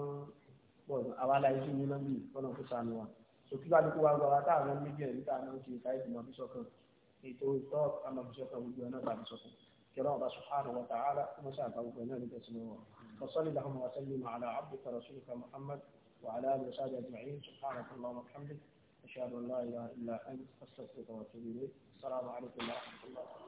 [SPEAKER 1] pọ̀ àwa la iṣu ní iná bíi fọ́nà tó sànù wa òkú bá dúkú wa gba wa táwọn ọmọ méjì ẹ̀rí táwọn ọmọ ti ń káyé ìmọ̀ bíṣọ̀kan ètò ìtọ́ àmọ̀ bíṣọ̀kan gbogbo ẹ̀ náà bá bíṣọ̀kan كلام الله سبحانه وتعالى ومساعد أبو بنان الله وصلي اللهم وسلم على عبدك رسولك محمد وعلى آله وصحبه أجمعين سبحانك اللهم وبحمدك
[SPEAKER 2] أشهد أن لا إله إلا أنت أستغفرك وأتوب إليك السلام عليكم ورحمة الله وبركاته